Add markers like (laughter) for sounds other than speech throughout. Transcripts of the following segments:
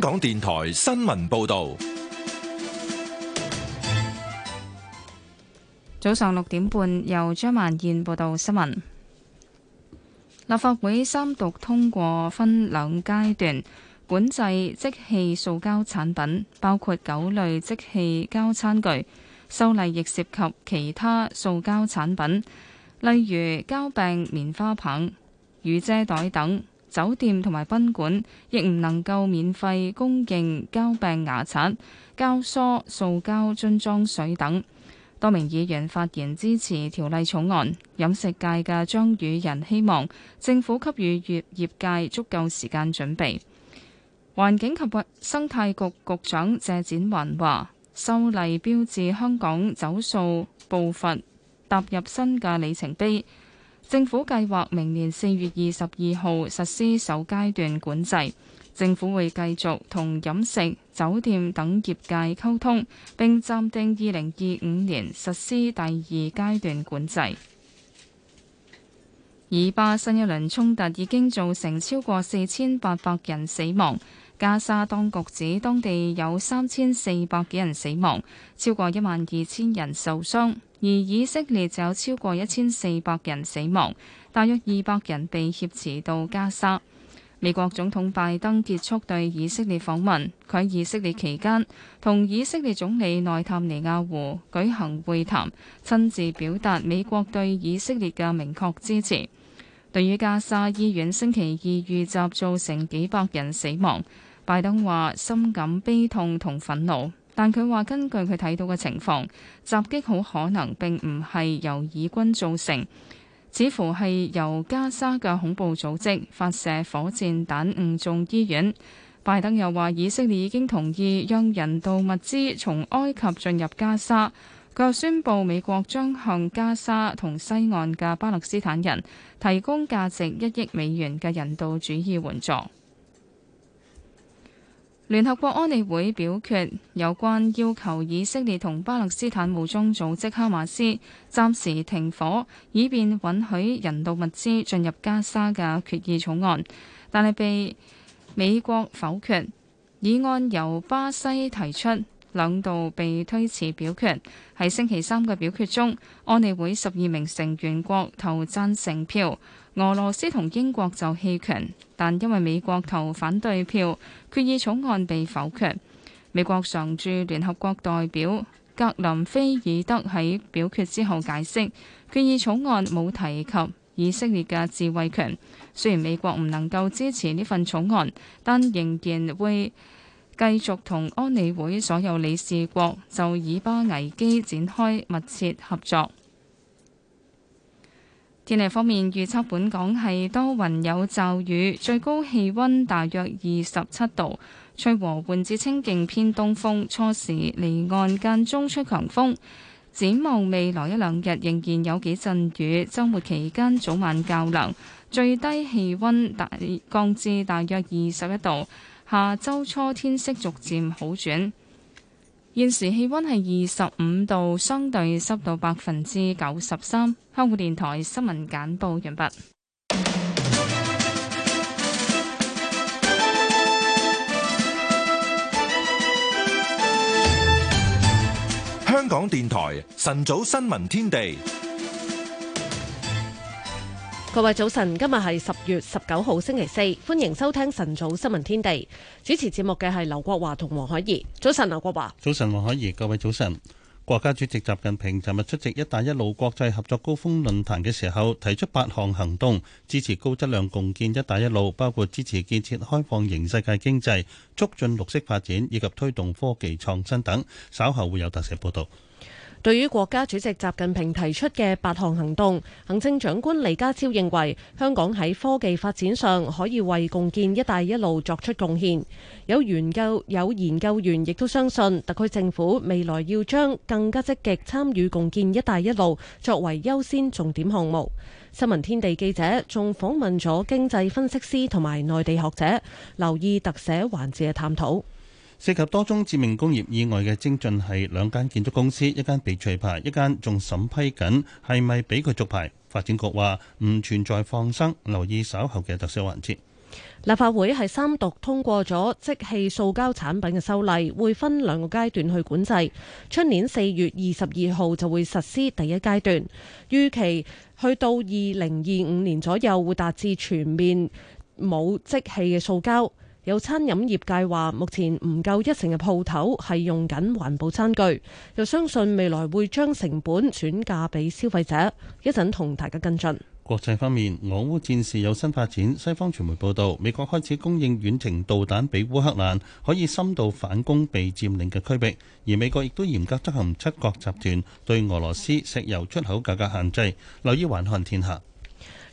香港電台新聞報道，早上六點半由張萬燕報道新聞。立法會三讀通過分兩階段管制即棄塑膠產品，包括九類即棄膠餐具，修例亦涉及其他塑膠產品，例如膠柄、棉花棒、雨遮袋等。酒店同埋賓館亦唔能夠免費供應膠病牙刷、膠梳、塑膠樽裝水等。多名議員發言支持條例草案，飲食界嘅張宇人希望政府給予業業界足夠時間準備。環境及生態局局，局長謝展雲話：修例標誌香港走數步伐踏入新嘅里程碑。政府計劃明年四月二十二號實施首階段管制，政府會繼續同飲食、酒店等業界溝通，並暫定二零二五年實施第二階段管制。以巴新一輪衝突已經造成超過四千八百人死亡。加沙當局指，當地有三千四百幾人死亡，超過一萬二千人受傷。而以色列就有超過一千四百人死亡，大約二百人被挾持到加沙。美國總統拜登結束對以色列訪問，佢喺以色列期間同以色列總理內塔尼亞胡舉行會談，親自表達美國對以色列嘅明確支持。對於加沙醫院星期二遇襲造成幾百人死亡。拜登話：深感悲痛同憤怒，但佢話根據佢睇到嘅情況，襲擊好可能並唔係由以軍造成，似乎係由加沙嘅恐怖組織發射火箭彈誤中醫院。拜登又話：以色列已經同意讓人道物資從埃及進入加沙。佢又宣布美國將向加沙同西岸嘅巴勒斯坦人提供價值一億美元嘅人道主義援助。聯合國安理會表決有關要求以色列同巴勒斯坦武裝組織哈馬斯暫時停火，以便允許人道物資進入加沙嘅決議草案，但係被美國否決。議案由巴西提出。兩度被推遲表決，喺星期三嘅表決中，安理會十二名成員國投贊成票，俄羅斯同英國就棄權，但因為美國投反對票，決議草案被否決。美國常駐聯合國代表格林菲爾德喺表決之後解釋，決議草案冇提及以色列嘅自衛權。雖然美國唔能夠支持呢份草案，但仍然會繼續同安理會所有理事國就以巴危機展開密切合作。天氣方面，預測本港係多雲有驟雨，最高氣温大約二十七度，吹和緩至清勁偏東風，初時離岸間中吹強風。展望未來一兩日仍然有幾陣雨，周末期間早晚較涼，最低氣温大降至大約二十一度。下周初天色逐漸好轉，現時氣溫係二十五度，相對濕度百分之九十三。香港電台新聞簡報完畢。香港電台晨早新聞天地。各位早晨，今日係十月十九號星期四，歡迎收聽晨早新聞天地。主持節目嘅係劉國華同黃海怡。早晨，劉國華。早晨，黃海怡。各位早晨。國家主席習近平尋日出席一帶一路國際合作高峰論壇嘅時候，提出八項行動支持高質量共建一帶一路，包括支持建設開放型世界經濟、促進綠色發展以及推動科技創新等。稍後會有特寫報道。對於國家主席習近平提出嘅八項行動，行政長官李家超認為香港喺科技發展上可以為共建一帶一路作出貢獻。有研究，有研究員亦都相信特區政府未來要將更加積極參與共建一帶一路作為優先重點項目。新聞天地記者仲訪問咗經濟分析師同埋內地學者，留意特寫環節嘅探討。涉及多宗致命工業意外嘅精進係兩間建築公司，一間被除牌，一間仲審批緊，係咪俾佢續牌？發展局話唔存在放生，留意稍後嘅特色環節。立法會係三讀通過咗即棄塑膠產品嘅修例，會分兩個階段去管制。出年四月二十二號就會實施第一階段，預期去到二零二五年左右會達至全面冇即棄嘅塑膠。有餐飲業界話，目前唔夠一成嘅鋪頭係用緊環保餐具，又相信未來會將成本轉嫁俾消費者。一陣同大家跟進。國際方面，俄烏戰事有新發展。西方傳媒報道，美國開始供應遠程導彈俾烏克蘭，可以深度反攻被佔領嘅區域。而美國亦都嚴格執行七國集團對俄羅斯石油出口價格限制。留意環看天下。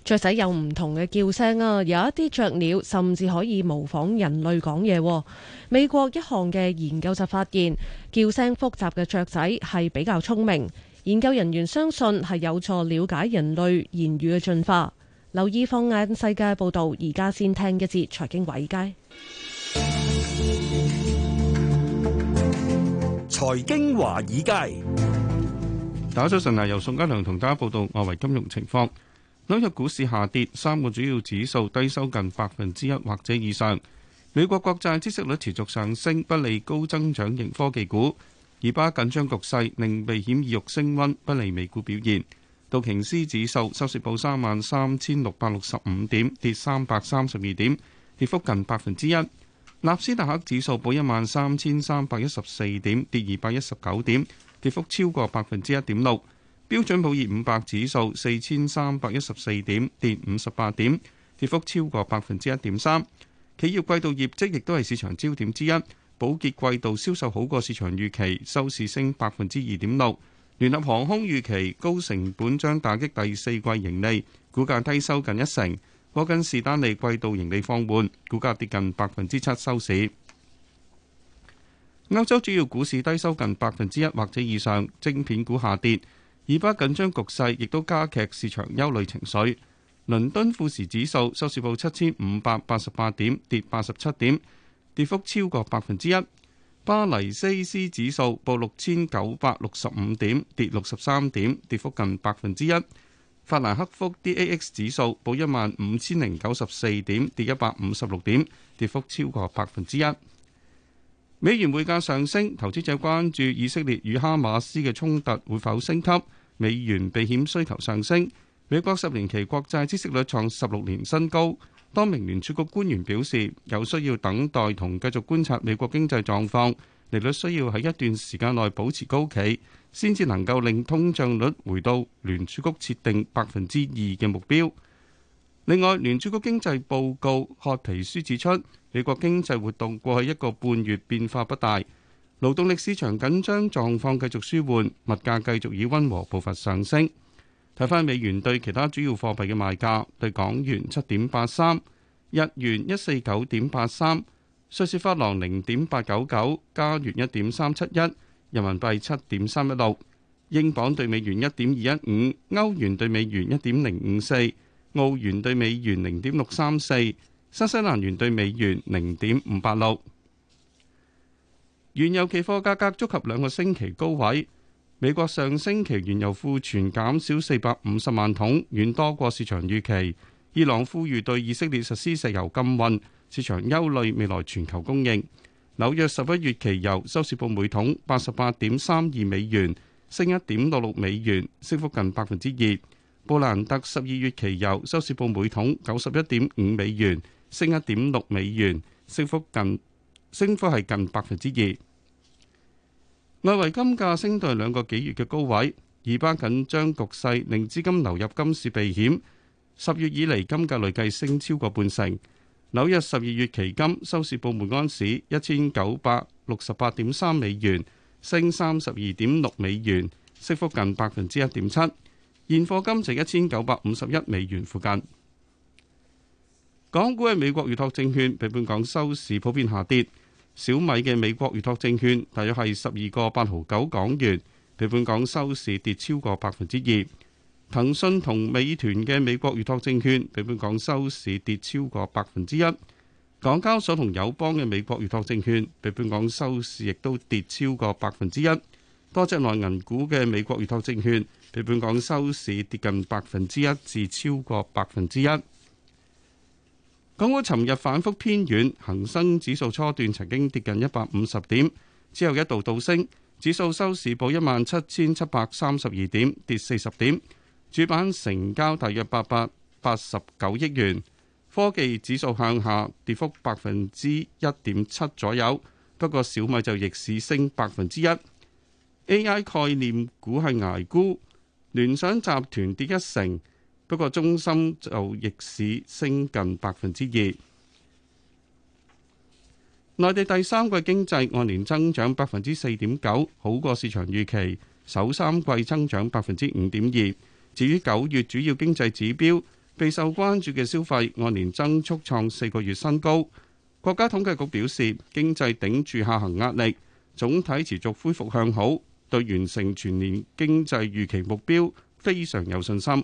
雀仔有唔同嘅叫聲啊，有一啲雀鳥甚至可以模仿人類講嘢。美國一項嘅研究就發現，叫聲複雜嘅雀仔係比較聰明。研究人員相信係有助了解人類言語嘅進化。留意放眼世界報道，而家先聽一節財經華爾街。財經華爾街，大家早晨啊，由宋家良同大家報道外圍金融情況。紐約股市下跌，三個主要指數低收近百分之一或者以上。美國國債孳息率持續上升，不利高增長型科技股；以巴緊張局勢令避險意欲升温，不利美股表現。道瓊斯指數收市報三萬三千六百六十五點，跌三百三十二點，跌幅近百分之一。納斯達克指數報一萬三千三百一十四點，跌二百一十九點，跌幅超過百分之一點六。標準普爾五百指數四千三百一十四點，跌五十八點，跌幅超過百分之一點三。企業季度業績亦都係市場焦點之一。寶潔季度銷售好過市場預期，收市升百分之二點六。聯合航空預期高成本將打擊第四季盈利，股價低收近一成。摩根士丹利季度盈利放緩，股價跌近百分之七，收市。歐洲主要股市低收近百分之一或者以上，晶片股下跌。以巴緊張局勢亦都加劇市場憂慮情緒。倫敦富時指數收市報七千五百八十八點，跌八十七點，跌幅超過百分之一。巴黎 CAC 指數報六千九百六十五點，跌六十三點，跌幅近百分之一。法蘭克福 DAX 指數報一萬五千零九十四點，跌一百五十六點，跌幅超過百分之一。美元匯價上升，投資者關注以色列與哈馬斯嘅衝突會否升級。美元避險需求上升，美國十年期國債孳息率創十六年新高。多名聯儲局官員表示，有需要等待同繼續觀察美國經濟狀況，利率需要喺一段時間內保持高企，先至能夠令通脹率回到聯儲局設定百分之二嘅目標。另外，聯儲局經濟報告褐皮書指出，美國經濟活動過去一個半月變化不大。勞動力市場緊張狀況繼續舒緩，物價繼續以溫和步伐上升。睇返美元對其他主要貨幣嘅賣價：對港元七點八三，日元一四九點八三，瑞士法郎零點八九九，加元一點三七一，人民幣七點三一六，英鎊對美元一點二一五，歐元對美元一點零五四，澳元對美元零點六三四，新西蘭元對美元零點五八六。原油期貨價格觸及兩個星期高位。美國上星期原油庫存減少四百五十萬桶，遠多過市場預期。伊朗呼籲對以色列實施石油禁運，市場憂慮未來全球供應。紐約十一月期油收市報每桶八十八點三二美元，升一點六六美元，升幅近百分之二。布蘭特十二月期油收市報每桶九十一點五美元，升一點六美元，升幅近升幅係近百分之二。外圍金價升到兩個幾月嘅高位，以巴緊張局勢令資金流入金市避險。十月以嚟金價累計升超過半成。紐約十二月期金收市報每安市一千九百六十八點三美元，升三十二點六美元，升幅近百分之一點七。現貨金值一千九百五十一美元附近。港股係美國預託證券比本港收市普遍下跌。小米嘅美國預託證券，大約係十二個八毫九港元，比本港收市跌超過百分之二。騰訊同美團嘅美國預託證券，比本港收市跌超過百分之一。港交所同友邦嘅美國預託證券，比本港收市亦都跌超過百分之一。多隻內銀股嘅美國預託證券，比本港收市跌近百分之一至超過百分之一。港股尋日反覆偏軟，恒生指數初段曾經跌近一百五十點，之後一度倒升，指數收市報一萬七千七百三十二點，跌四十點。主板成交大約八百八十九億元。科技指數向下跌幅百分之一點七左右，不過小米就逆市升百分之一。AI 概念股係挨沽，聯想集團跌一成。不過，中心就逆市升近百分之二。內地第三季經濟按年增長百分之四點九，好過市場預期。首三季增長百分之五點二。至於九月主要經濟指標，備受關注嘅消費按年增速創四個月新高。國家統計局表示，經濟頂住下行壓力，總體持續恢復向好，對完成全年經濟預期目標非常有信心。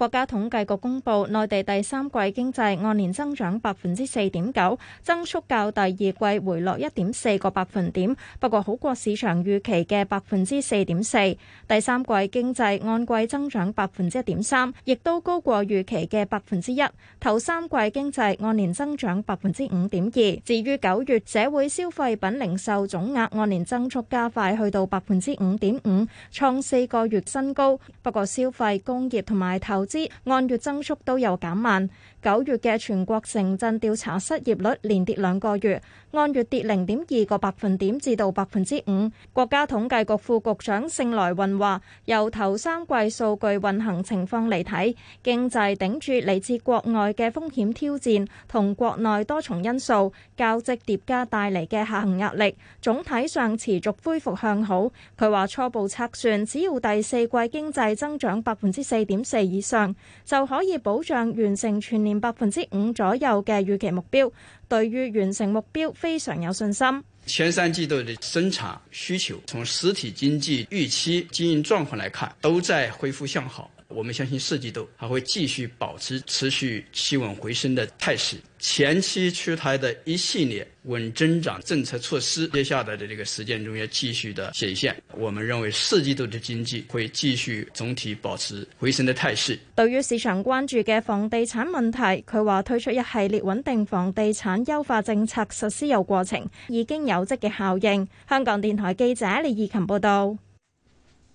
國家統計局公布內地第三季經濟按年增長百分之四點九，增速較第二季回落一點四個百分點，不過好過市場預期嘅百分之四點四。第三季經濟按季增長百分之一點三，亦都高過預期嘅百分之一。頭三季經濟按年增長百分之五點二。至於九月社會消費品零售總額按年增速加快，去到百分之五點五，創四個月新高。不過消費、工業同埋投資按月增速都有減慢，九月嘅全國城鎮調查失業率連跌兩個月，按月跌零點二個百分點至到百分之五。國家統計局副局長盛來運話：由頭三季數據運行情況嚟睇，經濟頂住嚟自國外嘅風險挑戰同國內多重因素交織疊加帶嚟嘅下行壓力，總體上持續恢復向好。佢話初步測算，只要第四季經濟增長百分之四點四以上，就可以保障完成全年百分之五左右的預期目標，對於完成目標非常有信心。前三季度的生產需求，從實體經濟預期經營狀況來看，都在恢復向好，我們相信四季度還會繼續保持持續企穩回升的態勢。前期出台的一系列穩增長政策措施，接下來的這個實踐中要繼續的顯現。我們認為四季度的經濟會繼續總體保持回升的態勢。對於市場關注嘅房地產問題，佢話推出一系列穩定房地產優化政策，實施有過程，已經有積極效應。香港電台記者李義琴報道。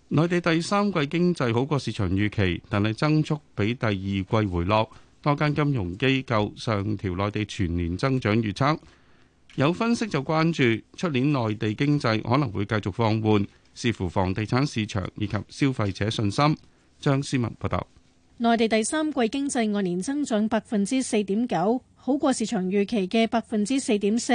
內地第三季經濟好過市場預期，但係增速比第二季回落。多間金融機構上調內地全年增長預測，有分析就關注出年內地經濟可能會繼續放緩，視乎房地產市場以及消費者信心。張思文報導，內地第三季經濟按年增長百分之四點九。好過市場預期嘅百分之四點四，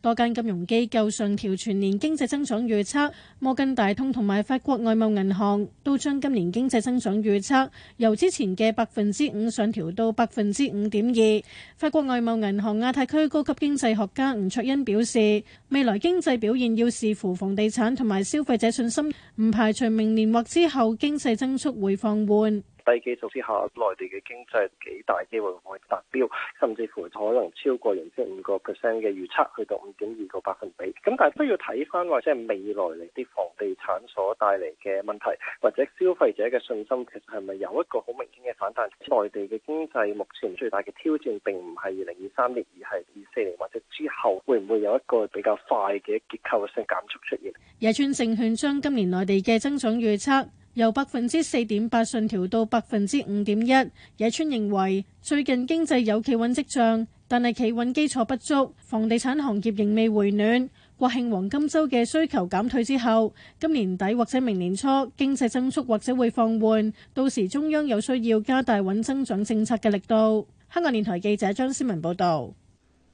多間金融機構上調全年經濟增長預測。摩根大通同埋法國外貿銀行都將今年經濟增長預測由之前嘅百分之五上調到百分之五點二。法國外貿銀行亞太區高級經濟學家吳卓恩表示，未來經濟表現要視乎房地產同埋消費者信心，唔排除明年或之後經濟增速會放緩。低基數之下，內地嘅經濟幾大機會可以達標，甚至乎可能超過原先五個 percent 嘅預測，去到五點二個百分比。咁但係都要睇翻，或者係未來嚟啲房地產所帶嚟嘅問題，或者消費者嘅信心，其實係咪有一個好明顯嘅反彈？內地嘅經濟目前最大嘅挑戰並唔係二零二三年，而係二四年或者之後，會唔會有一個比較快嘅結構性減速出現？野村證券將今年內地嘅增長預測。由百分之四點八上調到百分之五點一，野村認為最近經濟有企穩跡象，但係企穩基礎不足，房地產行業仍未回暖。國慶黃金周嘅需求減退之後，今年底或者明年初經濟增速或者會放緩，到時中央有需要加大穩增長政策嘅力度。香港電台記者張思文報道。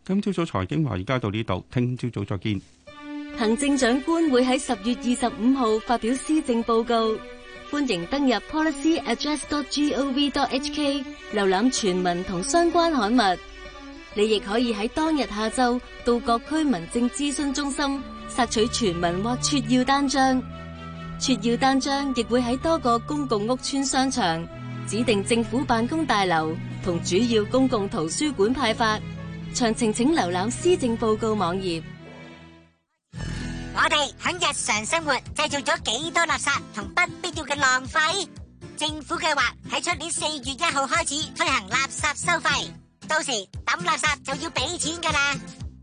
今朝早財經話，而家到呢度，聽朝早再見。行政長官會喺十月二十五號發表施政報告。歡迎登入 policyaddress.gov.hk 瀏覽全文同相關刊物。你亦可以喺當日下晝到各區民政諮詢中心索取全文或撮要單張。撮要單張亦會喺多個公共屋邨、商場、指定政府辦公大樓同主要公共圖書館派發。詳情請瀏覽施政報告網頁。我哋喺日常生活製造咗幾多垃圾同不必要嘅浪費？政府計劃喺出年四月一號開始推行垃圾收費，到時抌垃圾就要俾錢噶啦。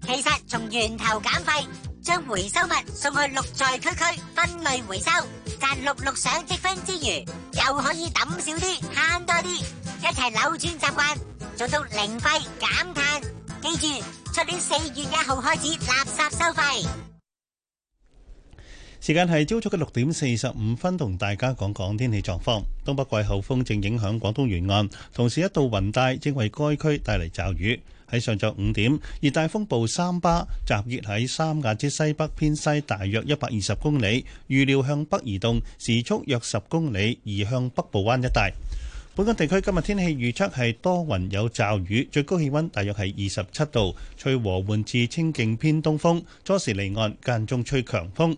其實從源頭減廢，將回收物送去綠在區區分類回收，賺綠綠賞積分之餘，又可以抌少啲慳多啲，一齊扭轉習慣，做到零廢減碳。記住，出年四月一號開始垃圾收費。時間係朝早嘅六點四十五分，同大家講講天氣狀況。東北季候風正影響廣東沿岸，同時一道雲帶正為該區帶嚟驟雨。喺上晝五點，熱帶風暴三巴集結喺三亞之西北偏西大約一百二十公里，預料向北移動，時速約十公里，移向北部灣一帶。本港地區今日天氣預測係多雲有驟雨，最高氣温大約係二十七度，吹和緩至清勁偏東風，初時離岸，間中吹強風。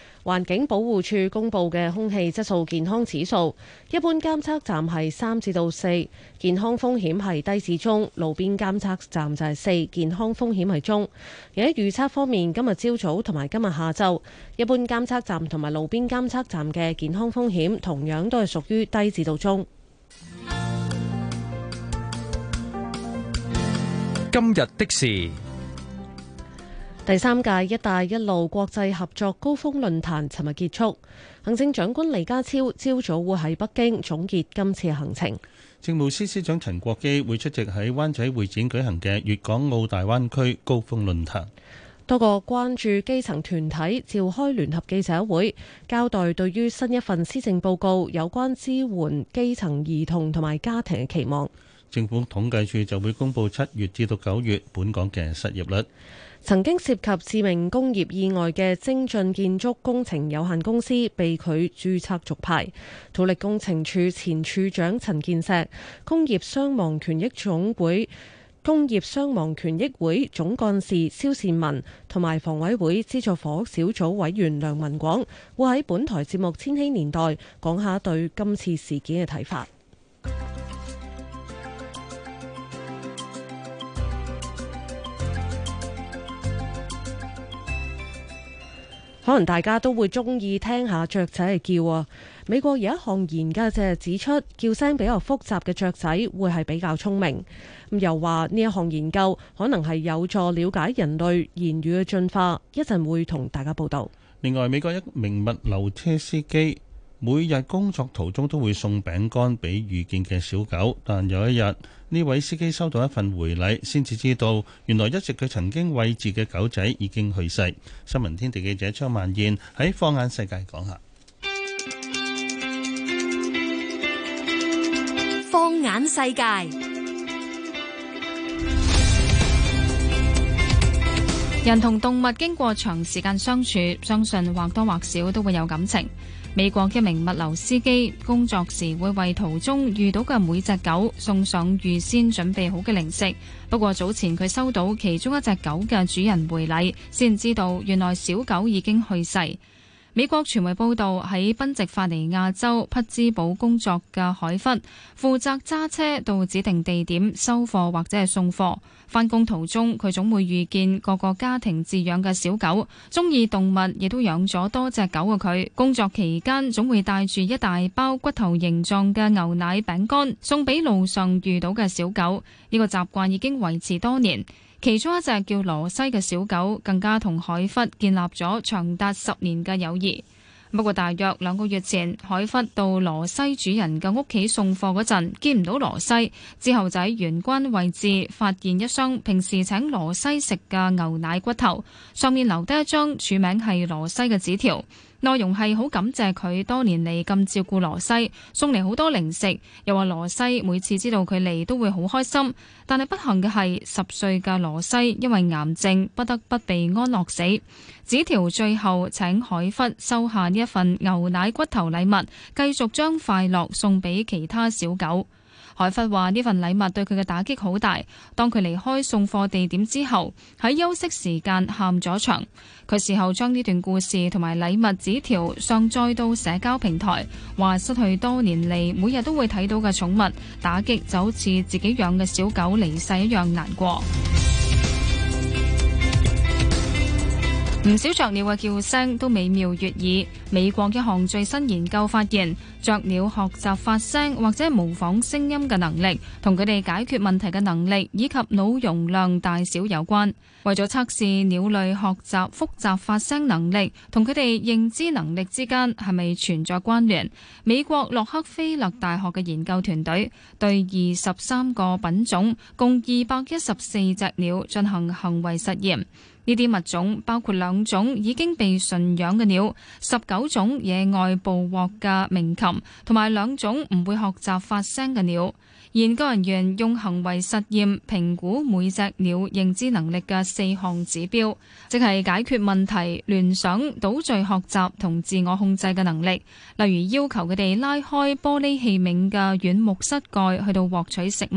環境保護署公布嘅空氣質素健康指數，一般監測站係三至到四，健康風險係低至中；路邊監測站就係四，健康風險係中。而喺預測方面，今日朝早同埋今日下晝，一般監測站同埋路邊監測站嘅健康風險同樣都係屬於低至到中。今日的事。第三屆“一帶一路”國際合作高峰論壇尋日結束，行政長官李家超朝早會喺北京總結今次行程。政務司司長陳國基會出席喺灣仔會展舉行嘅粵港澳大灣區高峰論壇。多個關注基層團體召開聯合記者會，交代對於新一份施政報告有關支援基層兒童同埋家庭嘅期望。政府統計處就會公布七月至到九月本港嘅失業率。曾經涉及致命工業意外嘅精進建築工程有限公司被拒注冊續牌。土力工程處前處長陳建石、工業傷亡權益總會工業傷亡權益會總幹事蕭善文同埋房委會資助房屋小組委員梁文廣會喺本台節目《千禧年代》講下對今次事件嘅睇法。可能大家都會中意聽下雀仔嘅叫啊！美國有一項研究就係指出，叫聲比較複雜嘅雀仔會係比較聰明。咁又話呢一項研究可能係有助了解人類言語嘅進化。一陣會同大家報道。另外，美國一名物流車司機。每日工作途中都會送餅乾俾遇見嘅小狗，但有一日呢位司機收到一份回禮，先至知道原來一直佢曾經餵住嘅狗仔已經去世。新聞天地記者張萬燕喺《放眼世界》講下。放眼世界，人同動物經過長時間相處，相信或多或少都會有感情。美國一名物流司機工作時會為途中遇到嘅每隻狗送上預先準備好嘅零食，不過早前佢收到其中一隻狗嘅主人回禮，先知道原來小狗已經去世。美國傳媒報道，喺賓夕法尼亞州匹茲堡工作嘅海芬，負責揸車到指定地點收貨或者係送貨。返工途中，佢總會遇見各個家庭飼養嘅小狗，中意動物，亦都養咗多隻狗嘅佢，工作期間總會帶住一大包骨頭形狀嘅牛奶餅乾送俾路上遇到嘅小狗。呢個習慣已經維持多年。其中一隻叫羅西嘅小狗，更加同海忽建立咗長達十年嘅友誼。不過，大約兩個月前，海忽到羅西主人嘅屋企送貨嗰陣，見唔到羅西。之後就喺玄關位置發現一箱平時請羅西食嘅牛奶骨頭，上面留低一張署名係羅西嘅紙條。內容係好感謝佢多年嚟咁照顧羅西，送嚟好多零食，又話羅西每次知道佢嚟都會好開心。但係不幸嘅係十歲嘅羅西因為癌症不得不被安樂死。紙條最後請海忽收下呢一份牛奶骨頭禮物，繼續將快樂送俾其他小狗。海佛話呢份禮物對佢嘅打擊好大，當佢離開送貨地點之後，喺休息時間喊咗場。佢事後將呢段故事同埋禮物紙條上載到社交平台，話失去多年嚟每日都會睇到嘅寵物，打擊就好似自己養嘅小狗離世一樣難過。唔少雀鳥嘅叫聲都美妙悅耳。美國一項最新研究發現，雀鳥學習發聲或者模仿聲音嘅能力，同佢哋解決問題嘅能力以及腦容量大小有關。為咗測試鳥類學習複雜發聲能力同佢哋認知能力之間係咪存在關聯，美國洛克菲勒大學嘅研究團隊對二十三個品種共二百一十四隻鳥進行行為實驗。呢啲物種包括兩種已經被馴養嘅鳥，十九種野外捕獲嘅鳴禽，同埋兩種唔會學習發聲嘅鳥。研究人員用行為實驗評估每隻鳥認知能力嘅四項指標，即係解決問題、聯想、倒序學習同自我控制嘅能力。例如要求佢哋拉開玻璃器皿嘅軟木塞蓋去到獲取食物，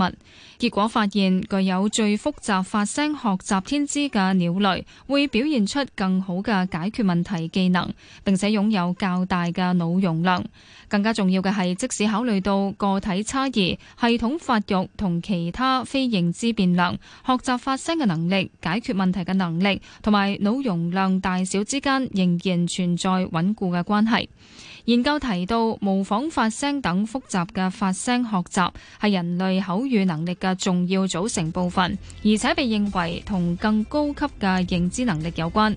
結果發現具有最複雜發聲學習天資嘅鳥類會表現出更好嘅解決問題技能，並且擁有較大嘅腦容量。更加重要嘅係，即使考慮到個體差異，係統發育同其他非認知變量、學習發聲嘅能力、解決問題嘅能力同埋腦容量大小之間仍然存在穩固嘅關係。研究提到，模仿發聲等複雜嘅發聲學習係人類口語能力嘅重要組成部分，而且被認為同更高級嘅認知能力有關。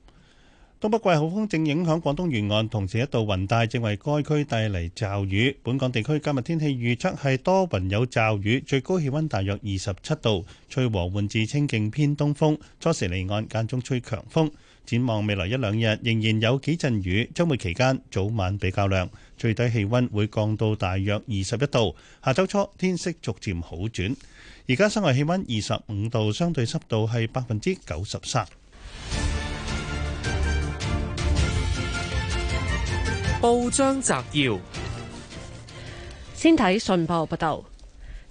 東北季候風正影響廣東沿岸，同時一道雲帶正為該區帶嚟驟雨。本港地區今日天氣預測係多雲有驟雨，最高氣温大約二十七度，吹和緩至清勁偏東風，初時離岸間中吹強風。展望未來一兩日仍然有幾陣雨，週末期間早晚比較涼，最低氣温會降到大約二十一度。下周初天色逐漸好轉。而家室外氣温二十五度，相對濕度係百分之九十三。報章摘要：先睇，信報報道，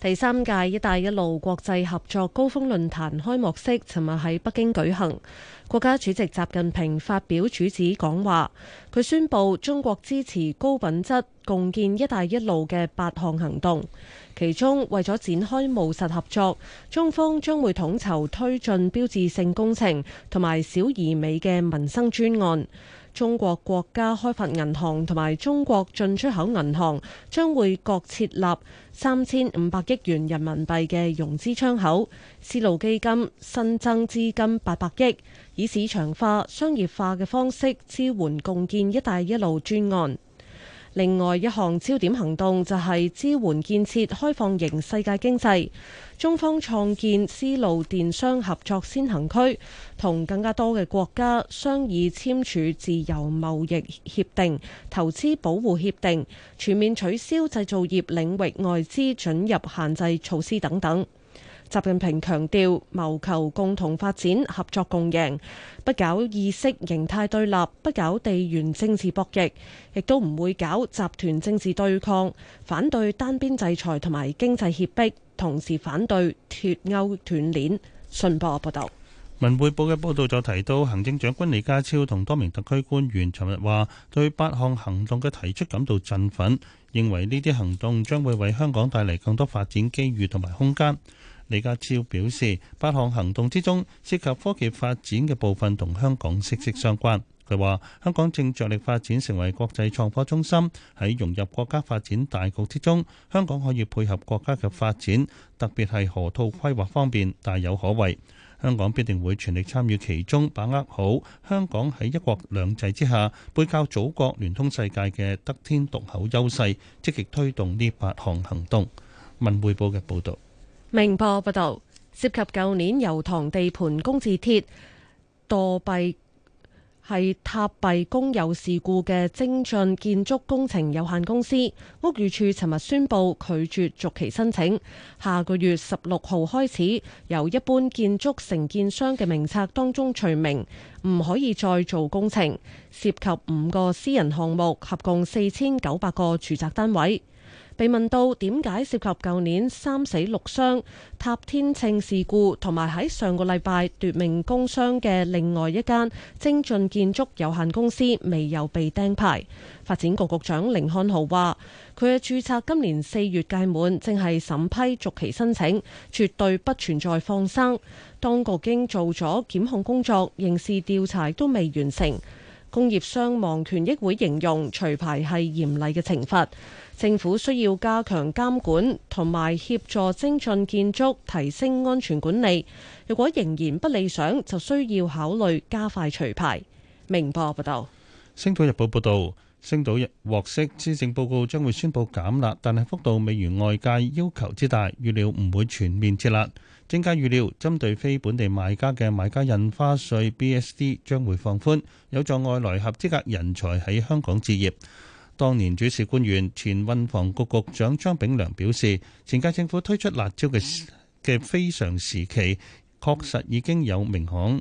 第三屆“一帶一路”國際合作高峰論壇開幕式尋日喺北京舉行，國家主席習近平發表主旨講話。佢宣布中國支持高品質共建“一帶一路”嘅八項行動，其中為咗展開務實合作，中方將會統籌推進標誌性工程同埋小而美嘅民生專案。中國國家開發銀行同埋中國進出口銀行將會各設立三千五百億元人民幣嘅融資窗口，絲路基金新增資金八百億，以市場化、商業化嘅方式支援共建“一帶一路”專案。另外一項焦點行動就係支援建設開放型世界經濟，中方創建絲路電商合作先行區，同更加多嘅國家商議簽署自由貿易協定、投資保護協定，全面取消製造業領域外資准入限制措施等等。習近平強調謀求共同發展、合作共贏，不搞意識形態對立，不搞地緣政治博弈，亦都唔會搞集團政治對抗，反對單邊制裁同埋經濟脅迫，同時反對脫鉤斷鏈。信播報道，文匯報嘅報道就提到，行政長官李家超同多名特區官員尋日話，對八項行動嘅提出感到振奮，認為呢啲行動將會為香港帶嚟更多發展機遇同埋空間。李家超表示，八項行動之中涉及科技發展嘅部分同香港息息相關。佢話：香港正着力發展成為國際創科中心，喺融入國家發展大局之中，香港可以配合國家嘅發展，特別係河套規劃方面大有可為。香港必定會全力參與其中，把握好香港喺一國兩制之下背靠祖國、聯通世界嘅得天獨厚優勢，積極推動呢八項行動。文匯報嘅報導。明報報道，涉及舊年油塘地盤工字鐵墮斃係塌斃工友事故嘅精進建築工程有限公司，屋宇署尋日宣布拒絕續期申請，下個月十六號開始由一般建築承建商嘅名冊當中除名，唔可以再做工程，涉及五個私人項目，合共四千九百個住宅單位。被問到點解涉及舊年三死六傷塔天秤事故，同埋喺上個禮拜奪命工傷嘅另外一間精進建築有限公司未有被釘牌，發展局局長甯漢豪話：佢嘅註冊今年四月屆滿，正係審批續期申請，絕對不存在放生。當局經做咗檢控工作，刑事調查都未完成。工業傷亡權益會形容除牌係嚴厲嘅懲罰。政府需要加強監管同埋協助精進建築，提升安全管理。如果仍然不理想，就需要考慮加快除牌。明報報導。《星島日報》報導，《星島日》獲悉，施政報告將會宣布減辣，但係幅度未如外界要求之大，預料唔會全面撤辣。政界預料，針對非本地買家嘅買家印花稅 BSD 將會放寬，有助外來合資格人才喺香港置業。當年主事官員、前運房局局長張炳良表示，前屆政府推出辣招嘅嘅非常時期，確實已經有明顯，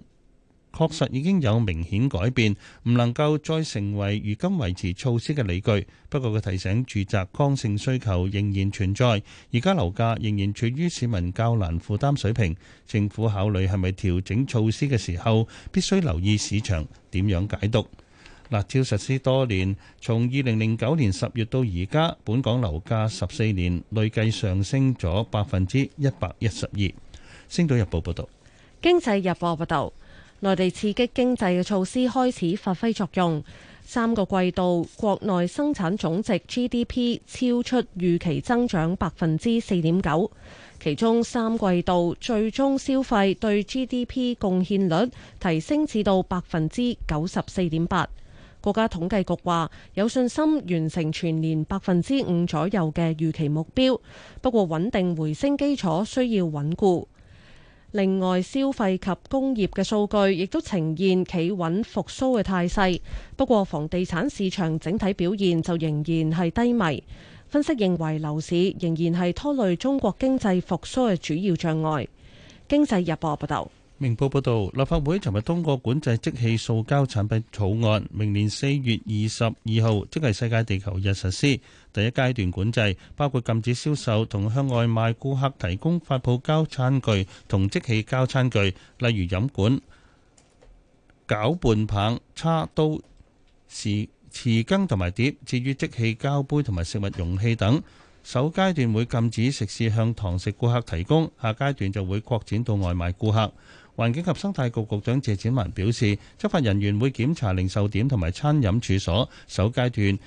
確實已經有明顯改變，唔能夠再成為如今維持措施嘅理據。不過，佢提醒住宅剛性需求仍然存在，而家樓價仍然處於市民較難負擔水平。政府考慮係咪調整措施嘅時候，必須留意市場點樣解讀。辣招實施多年，從二零零九年十月到而家，本港樓價十四年累計上升咗百分之一百一十二。星島日報報導，經濟日報報導，內地刺激經濟嘅措施開始發揮作用。三個季度國內生產總值 GDP 超出預期增長百分之四點九，其中三季度最終消費對 GDP 貢獻率提升至到百分之九十四點八。國家統計局話有信心完成全年百分之五左右嘅預期目標，不過穩定回升基礎需要穩固。另外，消費及工業嘅數據亦都呈現企穩復甦嘅態勢，不過房地產市場整體表現就仍然係低迷。分析認為樓市仍然係拖累中國經濟復甦嘅主要障礙。經濟日報報道。明報報道，立法會尋日通過管制即棄塑膠產品草案，明年四月二十二號，即係世界地球日實施第一階段管制，包括禁止銷售同向外賣顧客提供發泡膠餐具同即棄膠餐具，例如飲管、攪拌棒、叉刀、匙匙羹同埋碟。至於即棄膠杯同埋食物容器等，首階段會禁止食肆向堂食顧客提供，下階段就會擴展到外賣顧客。環境及生態局局長謝展文表示，執法人員會檢查零售點同埋餐飲處所。首階段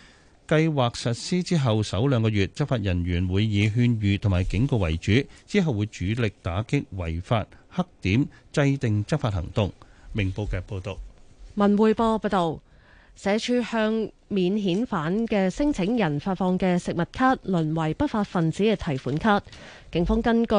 計劃實施之後，首兩個月執法人員會以勸喻同埋警告為主，之後會主力打擊違法黑點，制定執法行動。明報嘅報道，文匯報報道。社署向免遣返嘅申請人發放嘅食物卡，淪為不法分子嘅提款卡。警方根據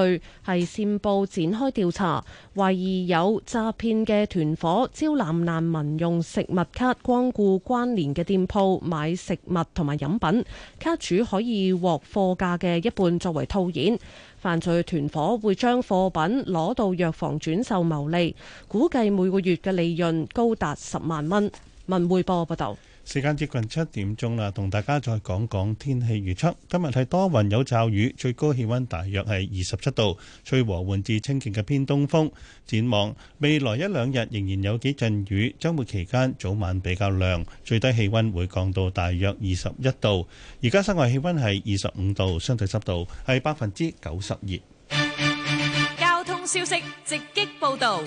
係線報展開調查，懷疑有詐騙嘅團伙招攬難民用食物卡光顧關聯嘅店鋪買食物同埋飲品，卡主可以獲貨價嘅一半作為套現。犯罪團伙會將貨品攞到藥房轉售牟利，估計每個月嘅利潤高達十萬蚊。文匯報報道，時間接近七點鐘啦，同大家再講講天氣預測。今日係多雲有驟雨，最高氣溫大約係二十七度，吹和緩至清勁嘅偏東風。展望未來一兩日仍然有幾陣雨，週末期間早晚比較涼，最低氣溫會降到大約二十一度。而家室外氣溫係二十五度，相對濕度係百分之九十二。交通消息直擊報道。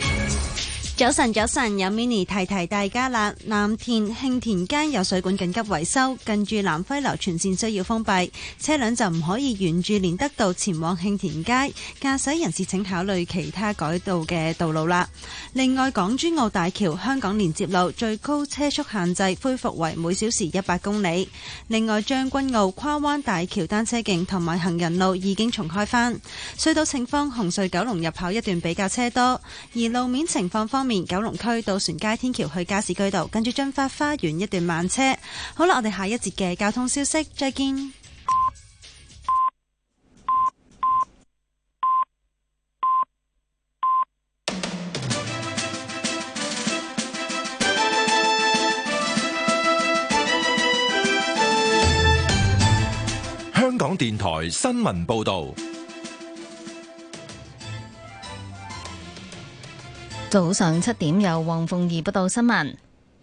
早晨，早晨，有 mini 提提大家啦。南田慶田街有水管緊急維修，近住南暉樓全線需要封閉，車輛就唔可以沿住連德道前往慶田街，駕駛人士請考慮其他改道嘅道路啦。另外，港珠澳大橋、香港連接路最高車速限制恢復為每小時一百公里。另外，將軍澳跨灣大橋單車徑同埋行人路已經重開返。隧道情況，紅隧九龍入口一段比較車多，而路面情況方面九龍區渡船街天橋去加士居道，跟住駿發花園一段慢車。好啦，我哋下一節嘅交通消息，再見。香港電台新聞報道。早上七點，有黃鳳儀報道新聞。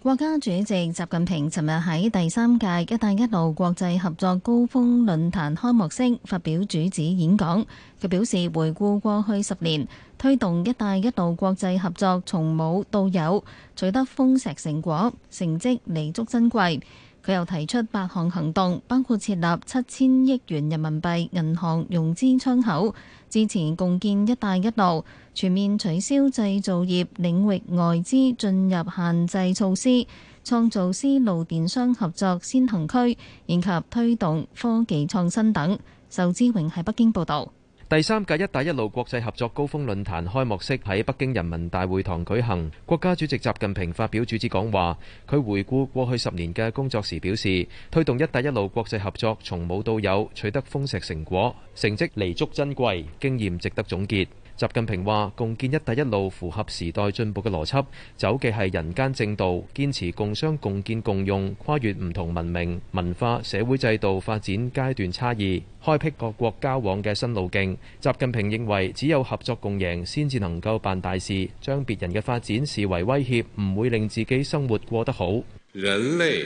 國家主席習近平尋日喺第三屆一帶一路國際合作高峰論壇開幕式發表主旨演講。佢表示回顧過去十年，推動一帶一路國際合作從冇到有，取得豐碩成果，成績彌足珍貴。佢又提出八項行動，包括設立七千億元人民幣銀行融資窗口。支持共建“一帶一路”，全面取消製造業領域外資進入限制措施，創造絲路電商合作先行區，以及推動科技創新等。仇志榮喺北京報道。第三屆「一帶一路」國際合作高峰論壇開幕式喺北京人民大會堂舉行，國家主席習近平發表主旨講話。佢回顧過去十年嘅工作時表示，推動「一帶一路」國際合作從冇到有，取得豐碩成果，成績彌足珍貴，經驗值得總結。習近平話：共建“一帶一路”符合時代進步嘅邏輯，走嘅係人間正道，堅持共商共建共用，跨越唔同文明、文化、社會制度發展階段差異，開闢各國交往嘅新路徑。習近平認為，只有合作共贏先至能夠辦大事。將別人嘅發展視為威脅，唔會令自己生活過得好。人類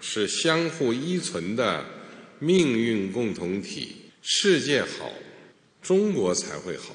是相互依存的命運共同體，世界好，中國才會好。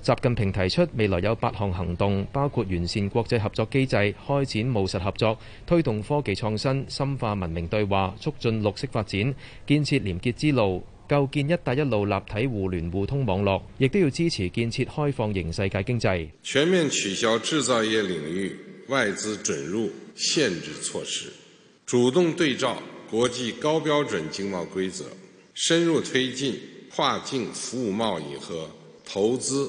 習近平提出未來有八項行動，包括完善國際合作機制、開展務實合作、推動科技創新、深化文明對話、促進綠色發展、建設廉潔之路、構建一帶一路立體互聯互通網絡，亦都要支持建設開放型世界經濟。全面取消製造業領域外資准入限制措施，主動對照國際高標準經貿規則，深入推進跨境服務貿易和投資。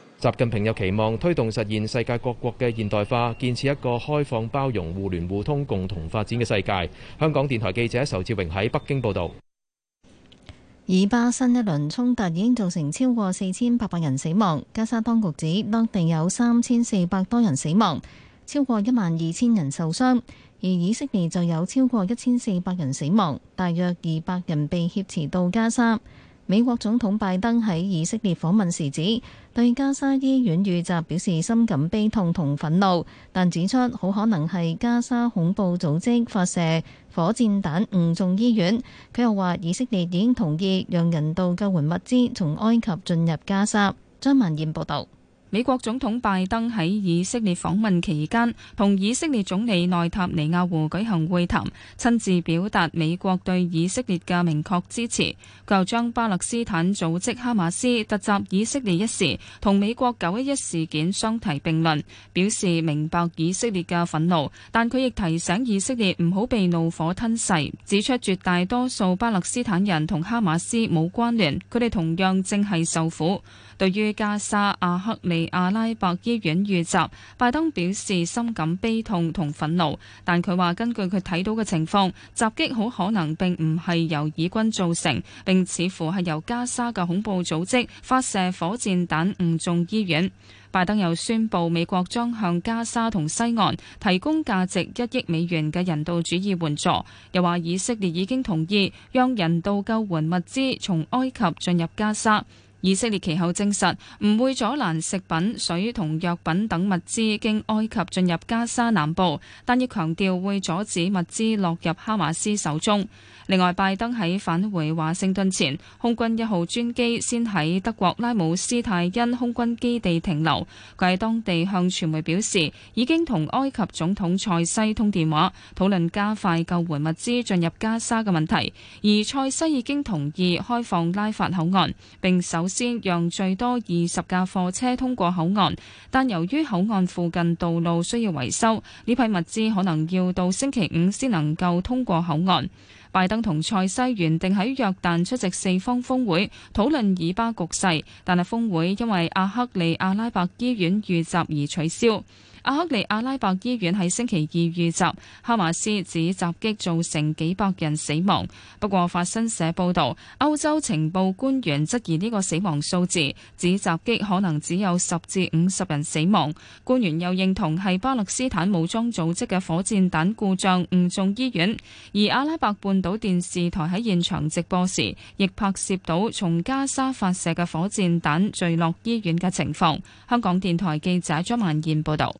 習近平又期望推動實現世界各國嘅現代化，建設一個開放包容、互聯互通、共同發展嘅世界。香港電台記者仇志榮喺北京報導。以巴新一輪衝突已經造成超過四千八百人死亡，加沙當局指當地有三千四百多人死亡，超過一萬二千人受傷，而以色列就有超過一千四百人死亡，大約二百人被挾持到加沙。美國總統拜登喺以色列訪問時指，對加沙醫院遇襲表示深感悲痛同憤怒，但指出好可能係加沙恐怖組織發射火箭彈誤中醫院。佢又話，以色列已經同意讓人道救援物資從埃及進入加沙。張曼燕報道。美國總統拜登喺以色列訪問期間，同以色列總理內塔尼亞胡舉行會談，親自表達美國對以色列嘅明確支持。佢又將巴勒斯坦組織哈馬斯突襲以色列一事，同美國911事件相提並論，表示明白以色列嘅憤怒，但佢亦提醒以色列唔好被怒火吞噬，指出絕大多數巴勒斯坦人同哈馬斯冇關聯，佢哋同樣正係受苦。對於加沙阿克利阿拉伯醫院遇襲，拜登表示深感悲痛同憤怒，但佢話根據佢睇到嘅情況，襲擊好可能並唔係由以軍造成，並似乎係由加沙嘅恐怖組織發射火箭彈誤中醫院。拜登又宣布美國將向加沙同西岸提供價值一億美元嘅人道主義援助，又話以色列已經同意讓人道救援物資從埃及進入加沙。以色列其後證實唔會阻攔食品、水同藥品等物資經埃及進入加沙南部，但亦強調會阻止物資落入哈馬斯手中。另外，拜登喺返回華盛頓前，空軍一號專機先喺德國拉姆斯泰因空軍基地停留。佢喺當地向傳媒表示，已經同埃及總統塞西通電話討論加快救援物資進入加沙嘅問題，而塞西已經同意開放拉法口岸，並首先讓最多二十架貨車通過口岸。但由於口岸附近道路需要維修，呢批物資可能要到星期五先能夠通過口岸。拜登同塞西原定喺約旦出席四方峰會，討論以巴局勢，但係峰會因為阿克利阿拉伯醫院遇襲而取消。阿克利阿拉伯醫院喺星期二遇襲，哈馬斯指襲擊造成幾百人死亡。不過法新社報道，歐洲情報官員質疑呢個死亡數字，指襲擊可能只有十至五十人死亡。官員又認同係巴勒斯坦武裝組織嘅火箭彈故障誤中醫院。而阿拉伯半島電視台喺現場直播時亦拍攝到從加沙發射嘅火箭彈墜落醫院嘅情況。香港電台記者張萬燕報道。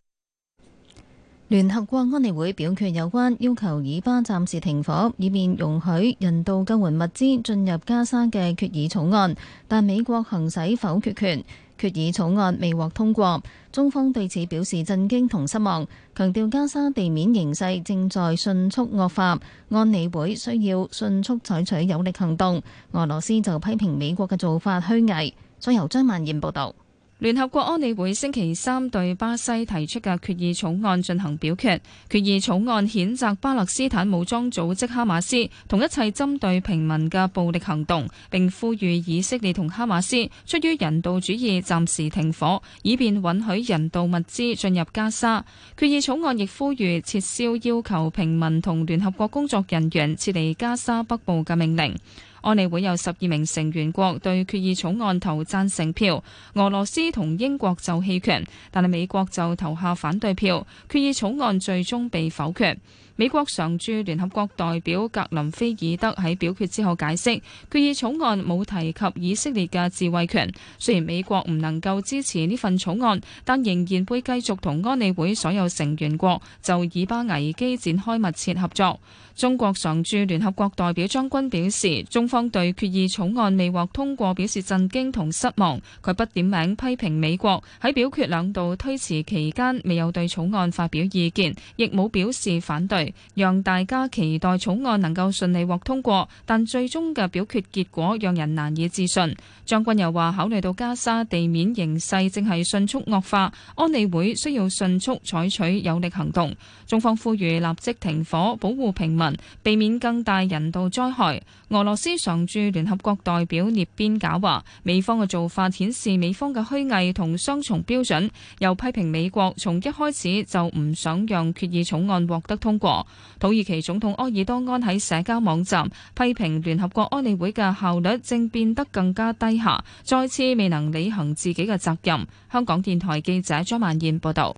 聯合國安理會表決有關要求以巴暫時停火，以便容許人道救援物資進入加沙嘅決議草案，但美國行使否決權，決議草案未獲通過。中方對此表示震驚同失望，強調加沙地面形勢正在迅速惡化，安理會需要迅速採取有力行動。俄羅斯就批評美國嘅做法虛偽。再由張萬燕報導。聯合國安理會星期三對巴西提出嘅決議草案進行表決。決議草案譴責巴勒斯坦武裝組織哈馬斯同一切針對平民嘅暴力行動，並呼籲以色列同哈馬斯出於人道主義暫時停火，以便允許人道物資進入加沙。決議草案亦呼籲撤銷要求平民同聯合國工作人員撤離加沙北部嘅命令。安理會有十二名成員國對決議草案投贊成票，俄羅斯同英國就棄權，但係美國就投下反對票，決議草案最終被否決。美國常駐聯合國代表格林菲爾德喺表決之後解釋，決議草案冇提及以色列嘅自衛權。雖然美國唔能夠支持呢份草案，但仍然會繼續同安理會所有成員國就以巴危機展開密切合作。中國常駐聯合國代表張軍表示，中方對決議草案未獲通過表示震驚同失望。佢不點名批評美國，喺表決兩度推遲期間未有對草案發表意見，亦冇表示反對。讓大家期待草案能夠順利獲通過，但最終嘅表決結果讓人難以置信。張軍又話：，考慮到加沙地面形勢正係迅速惡化，安理會需要迅速採取有力行動。中方呼籲立即停火，保護平民，避免更大人道災害。俄羅斯常駐聯合國代表聶邊賈話：，美方嘅做法顯示美方嘅虛偽同雙重標準，又批評美國從一開始就唔想讓決議草案獲得通過。土耳其總統埃爾多安喺社交網站批評聯合國安理會嘅效率正變得更加低下，再次未能履行自己嘅責任。香港電台記者張曼燕報道。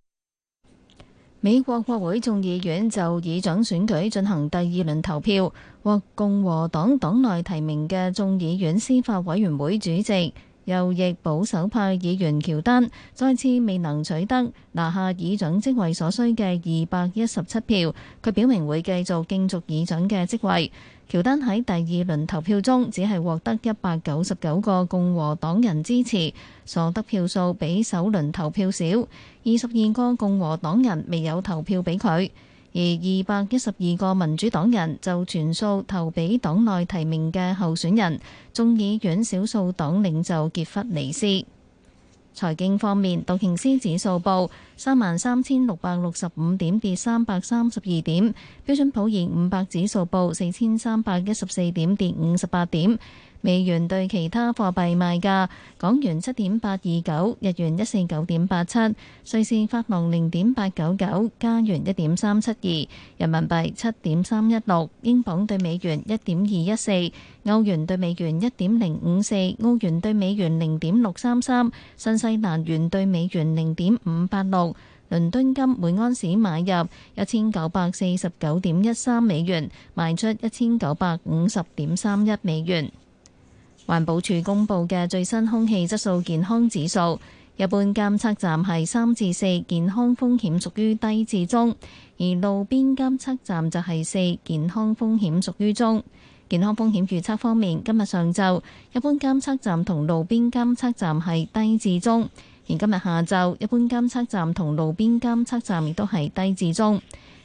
美國國會眾議院就議長選舉進行第二輪投票，獲共和黨黨內提名嘅眾議院司法委員會主席，右翼保守派議員喬丹再次未能取得拿下議長職位所需嘅二百一十七票，佢表明會繼續競逐議長嘅職位。喬丹喺第二輪投票中只係獲得一百九十九個共和黨人支持，所得票數比首輪投票少，二十二個共和黨人未有投票俾佢。而二百一十二個民主黨人就全數投俾黨內提名嘅候選人，眾議院少數黨領袖傑弗尼斯。財經方面，道瓊斯指數報三萬三千六百六十五點，跌三百三十二點；標準普爾五百指數報四千三百一十四點，跌五十八點。美元對其他貨幣賣價：港元七點八二九，日元一四九點八七，瑞士法郎零點八九九，加元一點三七二，人民幣七點三一六，英鎊對美元一點二一四，歐元對美元一點零五四，澳元對美元零點六三三，新西蘭元對美元零點五八六。倫敦金每安士買入一千九百四十九點一三美元，賣出一千九百五十點三一美元。環保署公布嘅最新空氣質素健康指數，一般監測站係三至四，健康風險屬於低至中；而路邊監測站就係四，健康風險屬於中。健康風險預測方面，今日上晝，一般監測站同路邊監測站係低至中，而今日下晝，一般監測站同路邊監測站亦都係低至中。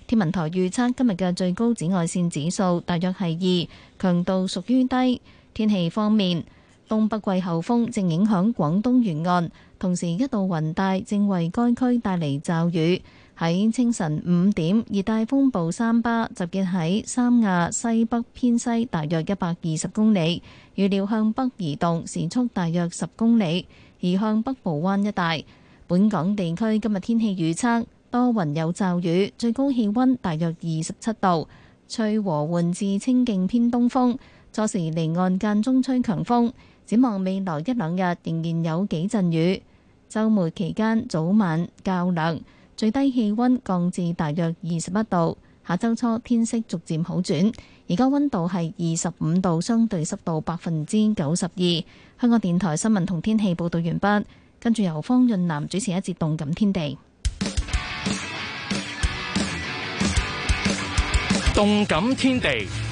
天文台預測今日嘅最高紫外線指數大約係二，強度屬於低。天氣方面，東北季候風正影響廣東沿岸，同時一道雲帶正為該區帶嚟驟雨。喺清晨五點，熱帶風暴三巴集結喺三亞西北偏西，大約一百二十公里，預料向北移動，時速大約十公里，移向北部灣一帶。本港地區今日天氣預測多雲有驟雨，最高氣溫大約二十七度，吹和緩至清勁偏東風，多時離岸間中吹強風，展望未來一兩日仍然有幾陣雨。周末期間早晚較涼，最低氣溫降至大約二十一度。下周初天色逐漸好轉，而家溫度係二十五度，相對濕度百分之九十二。香港電台新聞同天氣報道完畢，跟住由方潤南主持一節動感天地。動感天地。動感天地。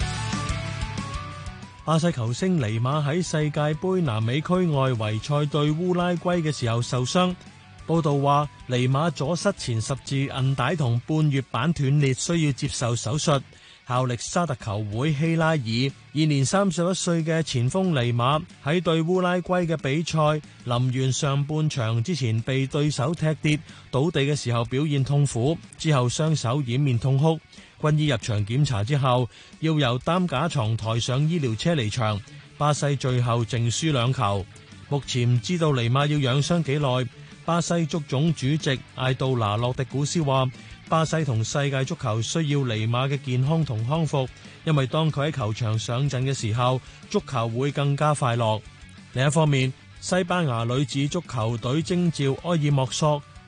巴西球星尼馬喺世界杯南美區外圍賽對烏拉圭嘅時候受傷，報道話尼馬左膝前十字韌帶同半月板斷裂，需要接受手術。效力沙特球會希拉爾，現年三十一歲嘅前鋒尼馬喺對烏拉圭嘅比賽臨完上半場之前，被對手踢跌倒地嘅時候表現痛苦，之後雙手掩面痛哭。軍醫入場檢查之後，要由擔架床抬上醫療車離場。巴西最後淨輸兩球，目前唔知道尼馬要養傷幾耐。巴西足總主席艾杜拿洛迪古斯話：巴西同世界足球需要尼馬嘅健康同康復，因為當佢喺球場上陣嘅時候，足球會更加快樂。另一方面，西班牙女子足球隊徵召埃爾莫索。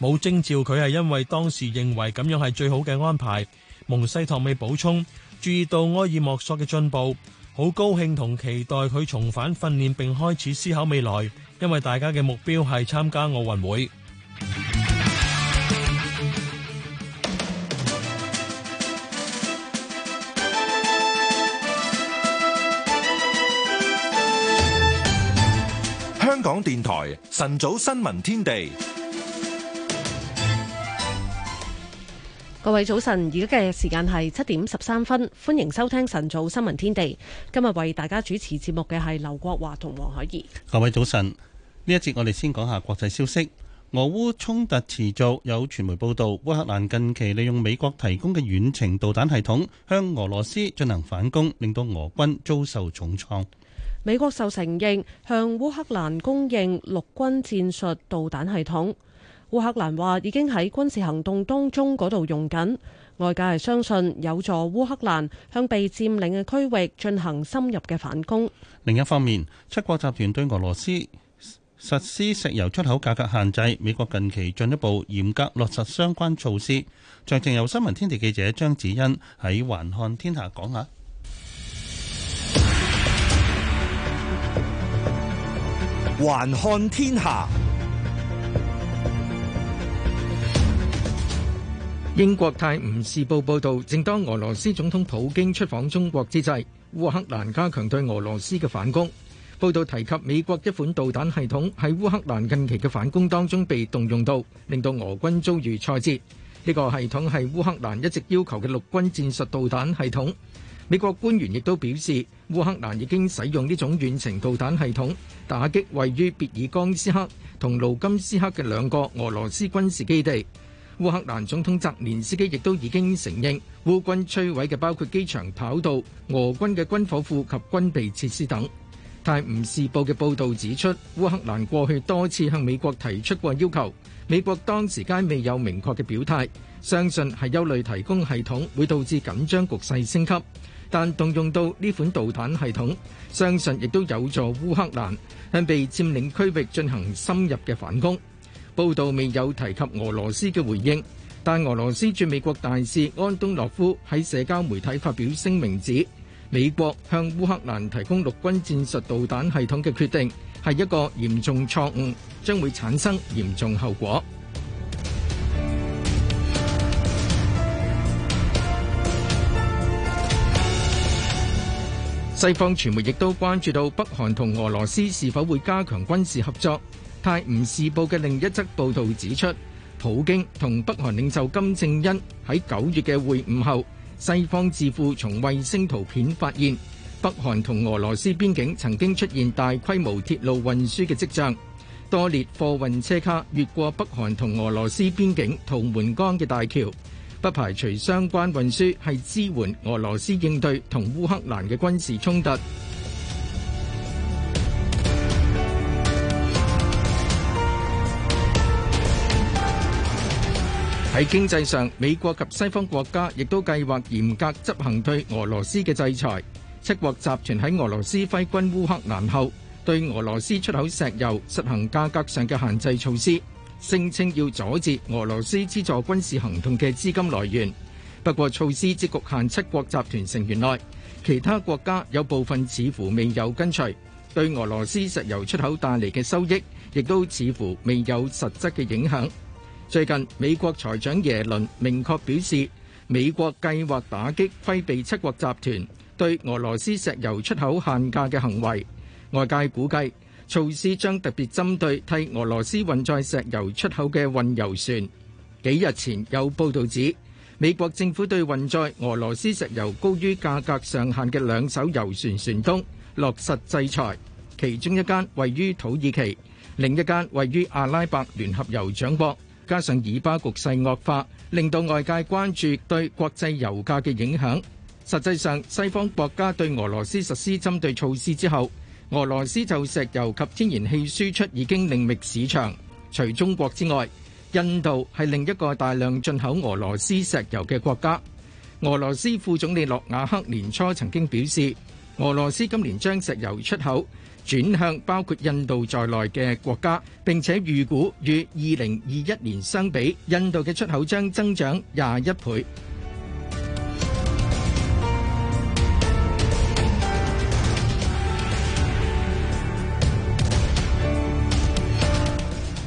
冇徵召，佢係因為當時認為咁樣係最好嘅安排。蒙西托未補充，注意到埃爾莫索嘅進步，好高興同期待佢重返訓練，並開始思考未來，因為大家嘅目標係參加奧運會。香港電台晨早新聞天地。各位早晨，而家嘅時間係七點十三分，歡迎收聽晨早新聞天地。今日為大家主持節目嘅係劉國華同黃海怡。各位早晨，呢一節我哋先講下國際消息。俄烏衝突持續，有傳媒報道烏克蘭近期利用美國提供嘅遠程導彈系統向俄羅斯進行反攻，令到俄軍遭受重創。美國受承認向烏克蘭供應陸軍戰術導彈系統。烏克蘭話已經喺軍事行動當中嗰度用緊，外界係相信有助烏克蘭向被佔領嘅區域進行深入嘅反攻。另一方面，七國集團對俄羅斯實施石油出口價格限制，美國近期進一步嚴格落實相關措施。詳情由新聞天地記者張子欣喺《環看天下》講下，《環看天下》。英國《泰晤士報》報道，正當俄羅斯總統普京出訪中國之際，烏克蘭加強對俄羅斯嘅反攻。報道提及美國一款導彈系統喺烏克蘭近期嘅反攻當中被動用到，令到俄軍遭遇挫折。呢、這個系統係烏克蘭一直要求嘅陸軍戰術導彈系統。美國官員亦都表示，烏克蘭已經使用呢種遠程導彈系統打擊位於別爾江斯克同盧甘斯克嘅兩個俄羅斯軍事基地。烏克蘭總統澤連斯基亦都已經承認，烏軍摧毀嘅包括機場跑道、俄軍嘅軍火庫及軍備設施等。但泰晤士報嘅報導指出，烏克蘭過去多次向美國提出過要求，美國當時皆未有明確嘅表態，相信係憂慮提供系統會導致緊張局勢升級。但動用到呢款導彈系統，相信亦都有助烏克蘭向被佔領區域進行深入嘅反攻。報道未有提及俄羅斯嘅回應，但俄羅斯駐美國大使安東諾夫喺社交媒體發表聲明指，美國向烏克蘭提供陸軍戰術導彈系統嘅決定係一個嚴重錯誤，將會產生嚴重後果。西方傳媒亦都關注到北韓同俄羅斯是否會加強軍事合作。泰晤士報嘅另一則報道指出，普京同北韓領袖金正恩喺九月嘅會晤後，西方智庫從衛星圖片發現，北韓同俄羅斯邊境曾經出現大規模鐵路運輸嘅跡象，多列貨運車卡越過北韓同俄羅斯邊境圖們江嘅大橋，不排除相關運輸係支援俄羅斯應對同烏克蘭嘅軍事衝突。喺經濟上，美國及西方國家亦都計劃嚴格執行對俄羅斯嘅制裁。七國集團喺俄羅斯揮軍烏克蘭後，對俄羅斯出口石油實行價格上嘅限制措施，聲稱要阻止俄羅斯資助軍事行動嘅資金來源。不過，措施只局限七國集團成員內，其他國家有部分似乎未有跟隨，對俄羅斯石油出口帶嚟嘅收益，亦都似乎未有實質嘅影響。最近，美國財長耶倫明確表示，美國計劃打擊規避七國集團對俄羅斯石油出口限價嘅行為。外界估計，措施將特別針對替俄羅斯運載石油出口嘅運油船。幾日前有報道指，美國政府對運載俄羅斯石油高於價格上限嘅兩艘油船船東落實制裁，其中一間位於土耳其，另一間位於阿拉伯聯合酋長國。加上以巴局勢惡化，令到外界關注對國際油價嘅影響，實際上，西方國家對俄羅斯實施針對措施之後，俄羅斯就石油及天然氣輸出已經另覓市場，除中國之外，印度係另一個大量進口俄羅斯石油嘅國家。俄羅斯副總理洛瓦克年初曾經表示，俄羅斯今年將石油出口。轉向包括印度在內嘅國家，並且預估與二零二一年相比，印度嘅出口將增長廿一倍。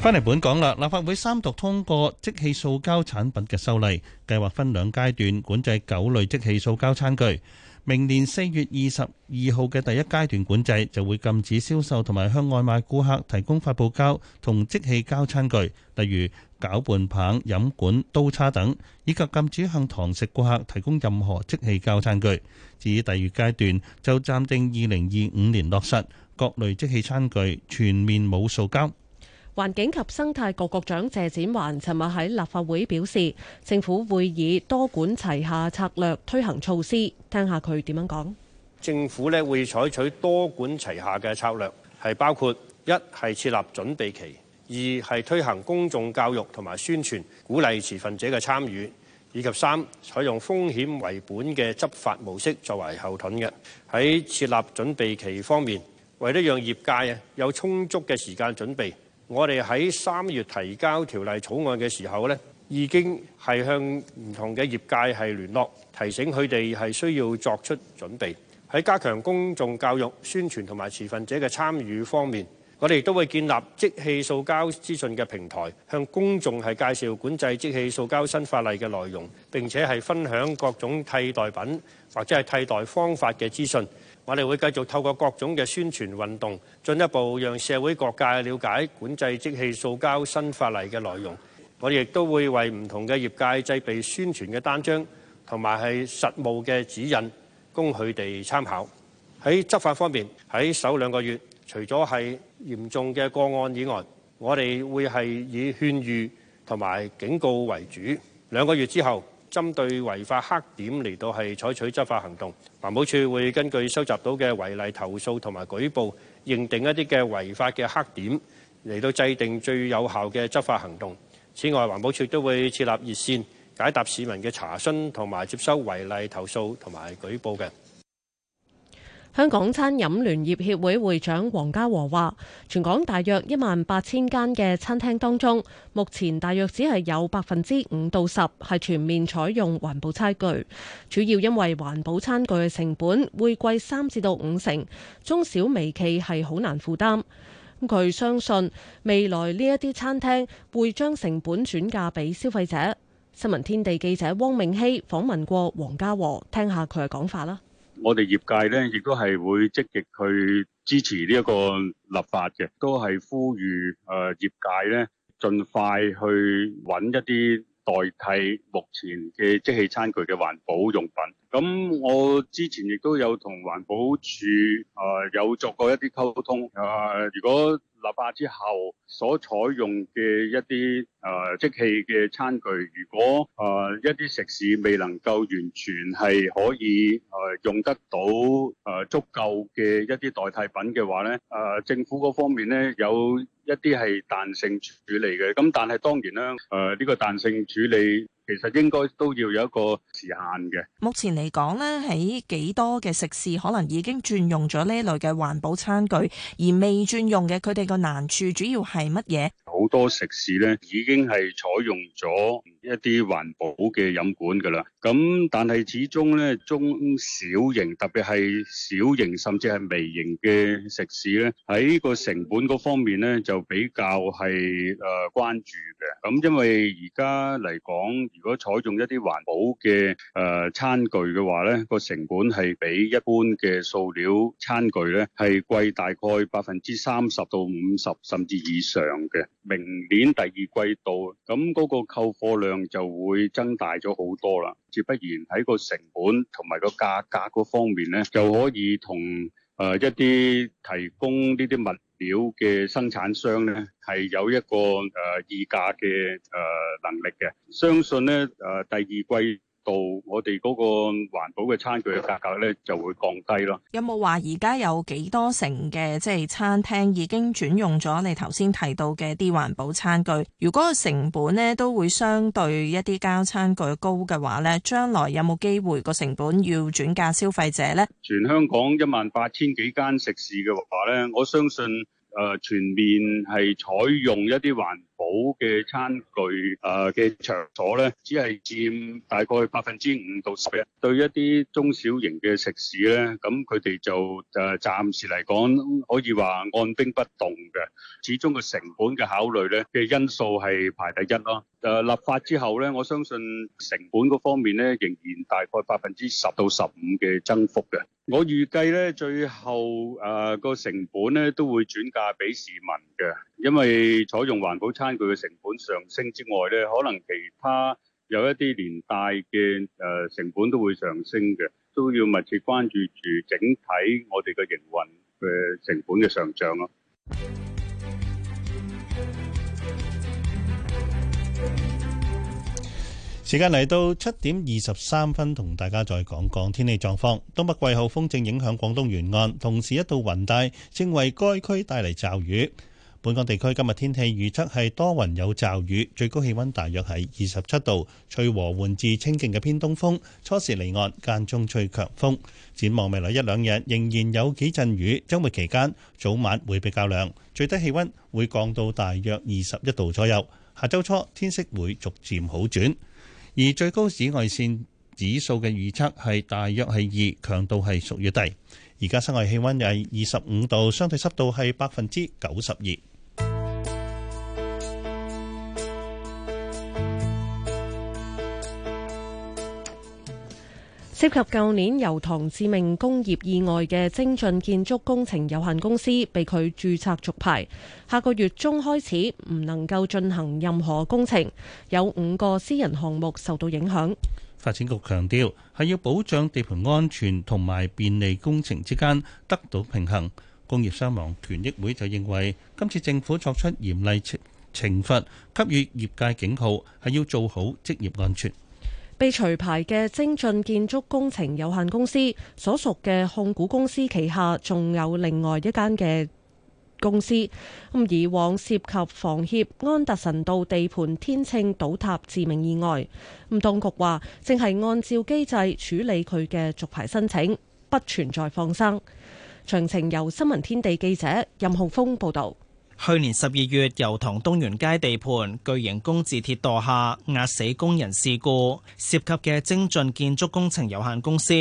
返嚟本港啦，立法會三讀通過即棄塑膠產品嘅修例，計劃分兩階段管制九類即棄塑膠餐具。明年四月二十二號嘅第一階段管制就會禁止銷售同埋向外賣顧客提供發泡膠同即棄膠餐具，例如攪拌棒、飲管、刀叉等，以及禁止向堂食顧客提供任何即棄膠餐具。至於第二階段，就暫定二零二五年落實，各類即棄餐具全面冇塑膠。環境及生態局局長謝展寰尋日喺立法會表示，政府會以多管齊下策略推行措施。聽下佢點樣講？政府呢會採取多管齊下嘅策略，係包括一係設立準備期，二係推行公眾教育同埋宣傳，鼓勵持份者嘅參與，以及三採用風險為本嘅執法模式作為後盾嘅。喺設立準備期方面，為咗讓業界啊有充足嘅時間準備。我哋喺三月提交條例草案嘅時候咧，已經係向唔同嘅業界係聯絡提醒佢哋係需要作出準備，喺加強公眾教育宣傳同埋持份者嘅參與方面，我哋亦都會建立即棄塑膠資訊嘅平台，向公眾係介紹管制即棄塑膠新法例嘅內容，並且係分享各種替代品或者係替代方法嘅資訊。我哋會繼續透過各種嘅宣傳運動，進一步讓社會各界了解管制即棄塑膠新法例嘅內容。我哋亦都會為唔同嘅業界製備宣傳嘅單張，同埋係實務嘅指引，供佢哋參考。喺執法方面，喺首兩個月，除咗係嚴重嘅個案以外，我哋會係以勸喻同埋警告為主。兩個月之後，針對違法黑點嚟到係採取執法行動，環保署會根據收集到嘅違例投訴同埋舉報，認定一啲嘅違法嘅黑點，嚟到制定最有效嘅執法行動。此外，環保署都會設立熱線，解答市民嘅查詢，同埋接收違例投訴同埋舉報嘅。香港餐飲聯業協會會長黃家和話，全港大約一萬八千間嘅餐廳當中，目前大約只係有百分之五到十係全面採用環保餐具，主要因為環保餐具嘅成本會貴三至到五成，中小微企係好難負擔。咁佢相信未來呢一啲餐廳會將成本轉嫁俾消費者。新聞天地記者汪明希訪問過黃家和，聽下佢嘅講法啦。我哋業界呢，亦都係會積極去支持呢一個立法嘅，都係呼籲誒、呃、業界呢，盡快去揾一啲代替目前嘅即棄餐具嘅環保用品。咁我之前亦都有同環保署誒、呃、有作過一啲溝通誒、呃，如果立法之後所採用嘅一啲誒、呃、即棄嘅餐具，如果誒、呃、一啲食肆未能夠完全係可以誒、呃、用得到誒、呃、足夠嘅一啲代替品嘅話咧，誒、呃、政府嗰方面咧有一啲係彈性處理嘅，咁但係當然啦，誒、呃、呢個彈性處理。其實應該都要有一個時限嘅。目前嚟講咧，喺幾多嘅食肆可能已經轉用咗呢類嘅環保餐具，而未轉用嘅，佢哋個難處主要係乜嘢？好多食肆咧已經係採用咗一啲環保嘅飲管噶啦。咁但係始終咧中小型，特別係小型甚至係微型嘅食肆咧，喺個成本嗰方面咧就比較係誒關注嘅。咁因為而家嚟講。如果採用一啲環保嘅誒、呃、餐具嘅話呢，呢個成本係比一般嘅塑料餐具呢係貴大概百分之三十到五十甚至以上嘅，明年第二季度，咁嗰個購貨量就會增大咗好多啦。自不然喺個成本同埋個價格嗰方面呢，就可以同誒、呃、一啲提供呢啲物表嘅生產商咧係有一個誒、呃、議價嘅誒能力嘅，相信咧誒、呃、第二季。到我哋嗰個環保嘅餐具嘅價格咧，就會降低咯。有冇話而家有幾多成嘅即係餐廳已經轉用咗你頭先提到嘅啲環保餐具？如果個成本咧都會相對一啲膠餐具高嘅話咧，將來有冇機會個成本要轉嫁消費者咧？全香港一萬八千幾間食肆嘅話咧，我相信誒、呃、全面係採用一啲環。保嘅餐具啊嘅、呃、場所咧，只係佔大概百分之五到十一。對一啲中小型嘅食肆咧，咁佢哋就誒暫、呃、時嚟講，可以話按兵不動嘅。始終個成本嘅考慮咧嘅因素係排第一咯。誒、呃、立法之後咧，我相信成本嗰方面咧仍然大概百分之十到十五嘅增幅嘅。我預計咧最後誒個、呃、成本咧都會轉嫁俾市民嘅，因為採用環保餐。佢嘅成本上升之外咧，可能其他有一啲連帶嘅誒成本都會上升嘅，都要密切關注住整體我哋嘅營運嘅成本嘅上漲咯。時間嚟到七點二十三分，同大家再講講天氣狀況。東北季候風正影響廣東沿岸，同時一道雲帶正為該區帶嚟驟雨。本港地區今日天氣預測係多雲有驟雨，最高氣温大約係二十七度，吹和緩至清勁嘅偏東風，初時離岸，間中吹強風。展望未來一兩日仍然有幾陣雨，周末期間早晚會比較涼，最低氣温會降到大約二十一度左右。下周初天色會逐漸好轉，而最高紫外線指數嘅預測係大約係二，強度係屬於低。而家室外氣溫係二十五度，相對濕度係百分之九十二。涉及舊年油塘致命工業意外嘅精進建築工程有限公司被拒註冊續牌，下個月中開始唔能夠進行任何工程，有五個私人項目受到影響。發展局強調係要保障地盤安全同埋便利工程之間得到平衡。工業傷亡權益會就認為，今次政府作出嚴厲懲罰，給予業界警號，係要做好職業安全。被除牌嘅精進建築工程有限公司所屬嘅控股公司旗下，仲有另外一間嘅公司咁，以往涉及房協安達臣道地盤天秤倒塌致命意外。唔，當局話正係按照機制處理佢嘅續牌申請，不存在放生。詳情由新聞天地記者任浩峰報道。去年十二月，油塘東源街地盤巨型工字鐵墮下壓死工人事故，涉及嘅精進建築工程有限公司。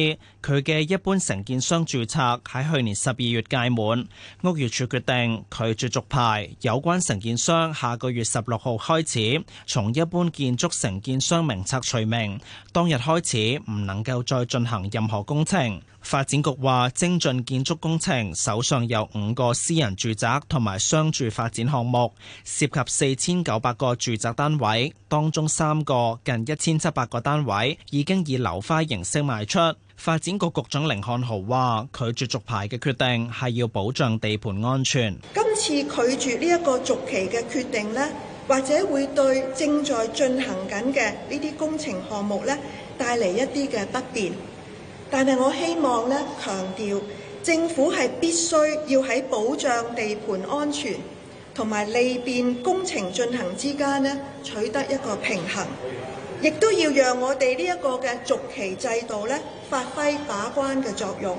佢嘅一般承建商註冊喺去年十二月屆滿，屋宇署決定拒絕續牌。有關承建商下個月十六號開始從一般建築承建商名冊除名，當日開始唔能夠再進行任何工程。發展局話，精進建築工程手上有五個私人住宅同埋商住發展項目，涉及四千九百個住宅單位，當中三個近一千七百個單位已經以樓花形式賣出。發展局局長凌漢豪話：拒絕續牌嘅決定係要保障地盤安全。今次拒絕呢一個續期嘅決定咧，或者會對正在進行緊嘅呢啲工程項目咧帶嚟一啲嘅不便。但係我希望咧，強調政府係必須要喺保障地盤安全同埋利便工程進行之間咧取得一個平衡，亦都要讓我哋呢一個嘅續期制度咧。發揮把關嘅作用，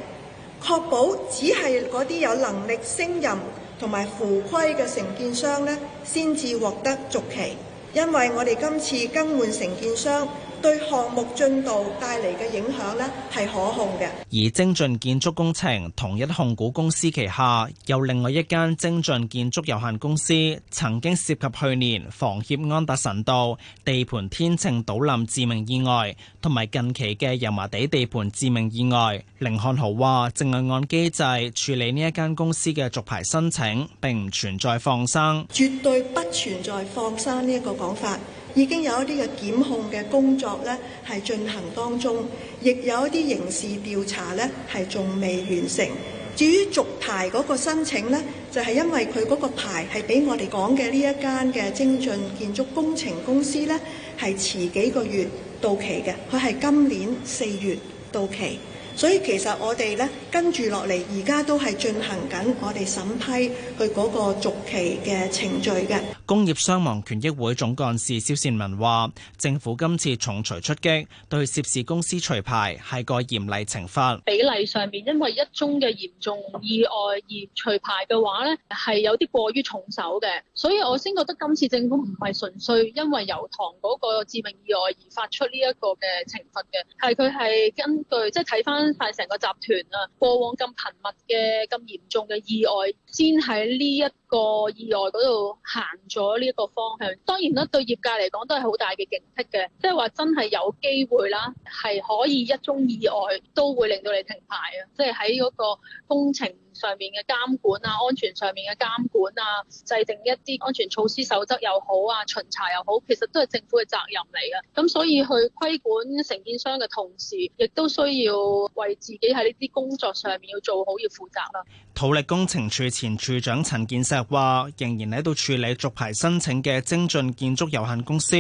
確保只係嗰啲有能力升任同埋符規嘅承建商咧，先至獲得續期。因為我哋今次更換承建商。對項目進度帶嚟嘅影響呢，係可控嘅。而精進建築工程同一控股公司旗下有另外一間精進建築有限公司，曾經涉及去年房協安達臣道地盤天秤倒冧致命意外，同埋近期嘅油麻地地盤致命意外。甯漢豪話：正係按機制處理呢一間公司嘅續牌申請，並唔存在放生，絕對不存在放生呢一個講法。已經有一啲嘅檢控嘅工作呢係進行當中，亦有一啲刑事調查呢係仲未完成。至於續牌嗰個申請呢，就係因為佢嗰個牌係俾我哋講嘅呢一間嘅精進建築工程公司呢係遲幾個月到期嘅，佢係今年四月到期。所以其實我哋咧跟住落嚟，而家都係進行緊我哋審批，佢嗰個續期嘅程序嘅。工業傷亡權益會總幹事蕭善文話，政府今次重錘出擊，對涉事公司除牌係個嚴厲懲罰。比例上面，因為一宗嘅嚴重意外而除牌嘅話咧，係有啲過於重手嘅，所以我先覺得今次政府唔係純粹因為油塘嗰個致命意外而發出呢一個嘅懲罰嘅，係佢係根據即係睇翻。快成個集團啊，過往咁頻密嘅、咁嚴重嘅意外，先喺呢一個意外嗰度行咗呢一個方向。當然啦，對業界嚟講都係好大嘅警惕嘅，即係話真係有機會啦，係可以一宗意外都會令到你停牌啊，即係喺嗰個工程上面嘅監管啊，安全上面嘅監管啊，制定一啲安全措施守則又好啊，巡查又好，其實都係政府嘅責任嚟嘅。咁所以去規管承建商嘅同時，亦都需要為自己喺呢啲工作上面要做好，要負責啦。土力工程署前署長陳建石話，仍然喺度處理續牌申請嘅精進建築有限公司，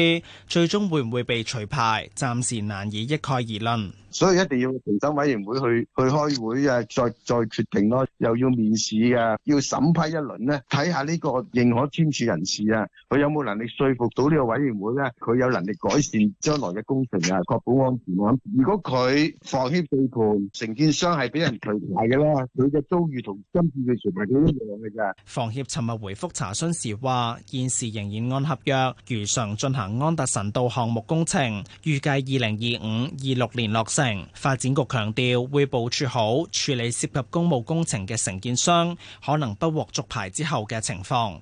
最終會唔會被除牌，暫時難以一概而論。所以一定要評審委員會去去開會啊，再再決定咯，又要面試啊，要審批一輪咧，睇下呢個認可簽署人士啊，佢有冇能力說服到呢個委員會咧，佢有能力改善將來嘅工程啊，確保安全，如果佢放棄地盤，承建商係俾人除牌嘅啦，佢嘅遭遇同。跟住就全部幾樣嘅咋？房協尋日回復查詢時話，現時仍然按合約如常進行安達臣道項目工程，預計二零二五、二六年落成。發展局強調會部署好處理涉及公務工程嘅承建商可能不獲續牌之後嘅情況。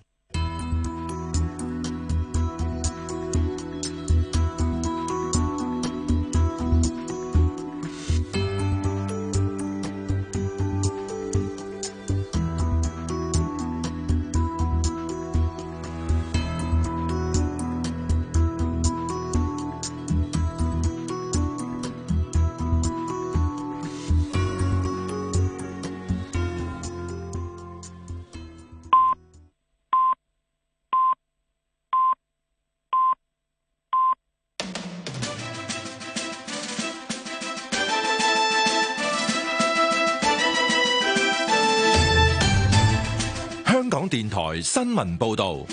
新聞報道，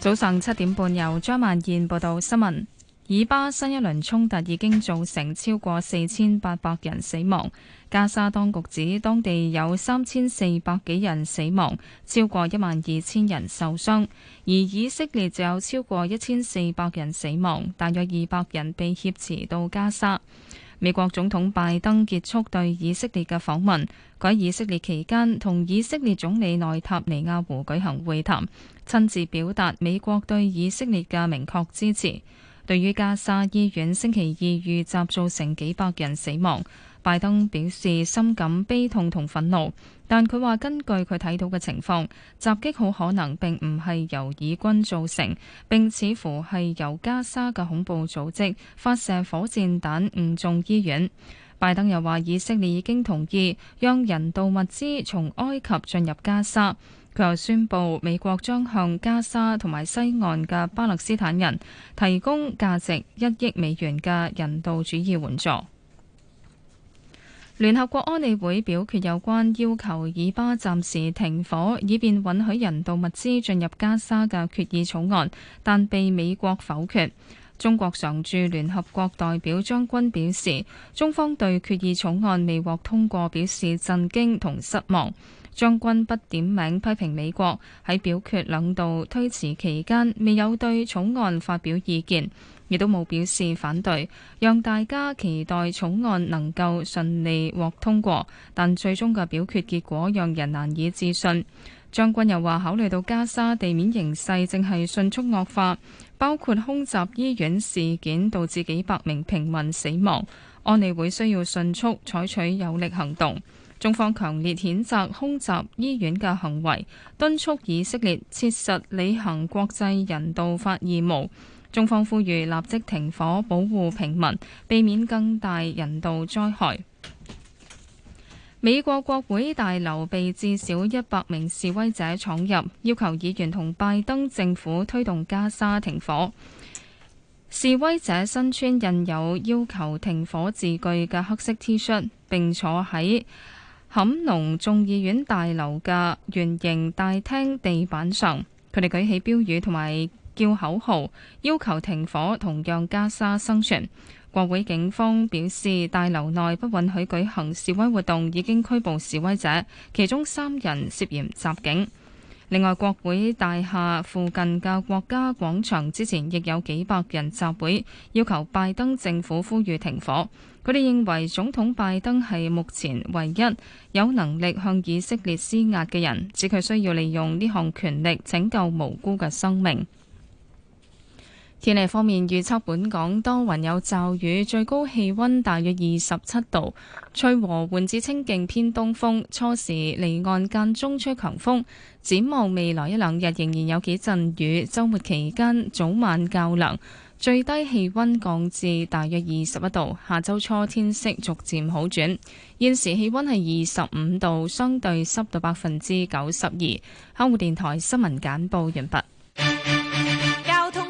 早上七點半由張萬燕報道新聞。以巴新一輪衝突已經造成超過四千八百人死亡，加沙當局指當地有三千四百幾人死亡，超過一萬二千人受傷，而以色列就有超過一千四百人死亡，大約二百人被挾持到加沙。美國總統拜登結束對以色列嘅訪問，喺以色列期間同以色列總理內塔尼亞胡舉行會談，親自表達美國對以色列嘅明確支持。對於加沙醫院星期二遇襲造成幾百人死亡，拜登表示深感悲痛同憤怒。但佢話根據佢睇到嘅情況，襲擊好可能並唔係由以軍造成，並似乎係由加沙嘅恐怖組織發射火箭彈誤中醫院。拜登又話以色列已經同意讓人道物資從埃及進入加沙。佢又宣布美國將向加沙同埋西岸嘅巴勒斯坦人提供價值一億美元嘅人道主義援助。聯合國安理會表決有關要求以巴暫時停火，以便允許人道物資進入加沙嘅決議草案，但被美國否決。中國常駐聯合國代表張軍表示，中方對決議草案未獲通過表示震驚同失望。張軍不點名批評美國喺表決兩度推遲期間未有對草案發表意見。亦都冇表示反對，讓大家期待草案能夠順利獲通過，但最終嘅表決結果讓人難以置信。張軍又話考慮到加沙地面形勢正係迅速惡化，包括空襲醫院事件導致幾百名平民死亡，安理會需要迅速採取有力行動，中方強烈譴責空襲醫院嘅行為，敦促以色列切實履行國際人道法義務。中方呼籲立即停火，保護平民，避免更大人道災害。美國國會大樓被至少一百名示威者闖入，要求議員同拜登政府推動加沙停火。示威者身穿印有要求停火字句嘅黑色 T 恤，shirt，並坐喺坎農眾議院大樓嘅圓形大廳地板上。佢哋舉起標語同埋叫口號，要求停火同讓加沙生存。國會警方表示，大樓內不允許舉行示威活動，已經拘捕示威者，其中三人涉嫌襲警。另外，國會大廈附近嘅國家廣場之前亦有幾百人集會，要求拜登政府呼籲停火。佢哋認為，總統拜登係目前唯一有能力向以色列施壓嘅人，指佢需要利用呢項權力拯救無辜嘅生命。天氣方面預測，本港多雲有驟雨，最高氣溫大約二十七度，吹和緩至清勁偏東風，初時離岸間中吹強風。展望未來一兩日仍然有幾陣雨，週末期間早晚較涼，最低氣溫降至大約二十一度。下週初天色逐漸好轉。現時氣溫係二十五度，相對濕度百分之九十二。香港電台新聞簡報完畢。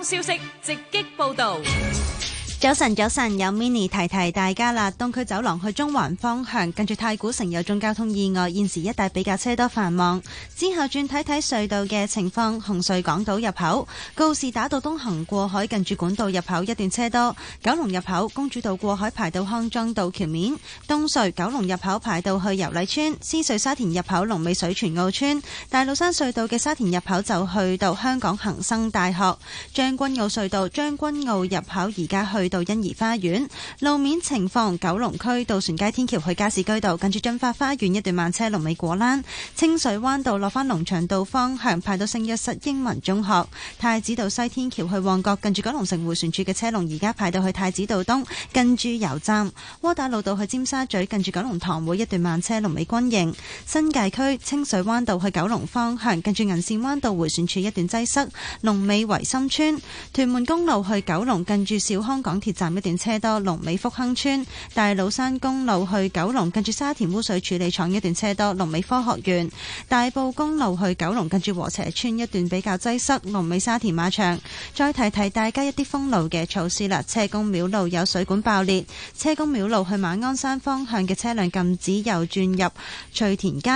消息直擊報道。Yes. 早晨，早晨，有 mini 提提大家啦。東區走廊去中環方向，近住太古城有宗交通意外，現時一帶比較車多繁忙。之後轉睇睇隧道嘅情況，紅隧港島入口告士打道東行過海，近住管道入口一段車多。九龍入口公主道過海排到康莊道橋面，東隧九龍入口排到去油麗邨，獅隧沙田入口龍尾水泉澳邨，大老山隧道嘅沙田入口就去到香港恒生大學。將軍澳隧道將軍澳入口而家去。到欣怡花園路面情況，九龍區渡船街天橋去加士居道近住駿發花園一段慢車龍尾果欄，清水灣道落返龍翔道方向派到聖約瑟英文中學，太子道西天橋去旺角近住九龍城回旋處嘅車龍而家派到去太子道東近住油站，窩打老道去尖沙咀近住九龍塘，九龍塘會一段慢車龍尾軍營，新界區清水灣道去九龍方向近住銀線灣道回旋處一段擠塞，龍尾維深村，屯門公路去九龍近住小康，小康港鐵站一段車多，龍尾福亨村，大老山公路去九龍，近住沙田污水處理廠一段車多，龍尾科學園，大埔公路去九龍，近住禾輋邨一段比較擠塞，龍尾沙田馬場。再提提大家一啲封路嘅措施啦，車公廟路有水管爆裂，車公廟路去馬鞍山方向嘅車輛禁止右轉入翠田街，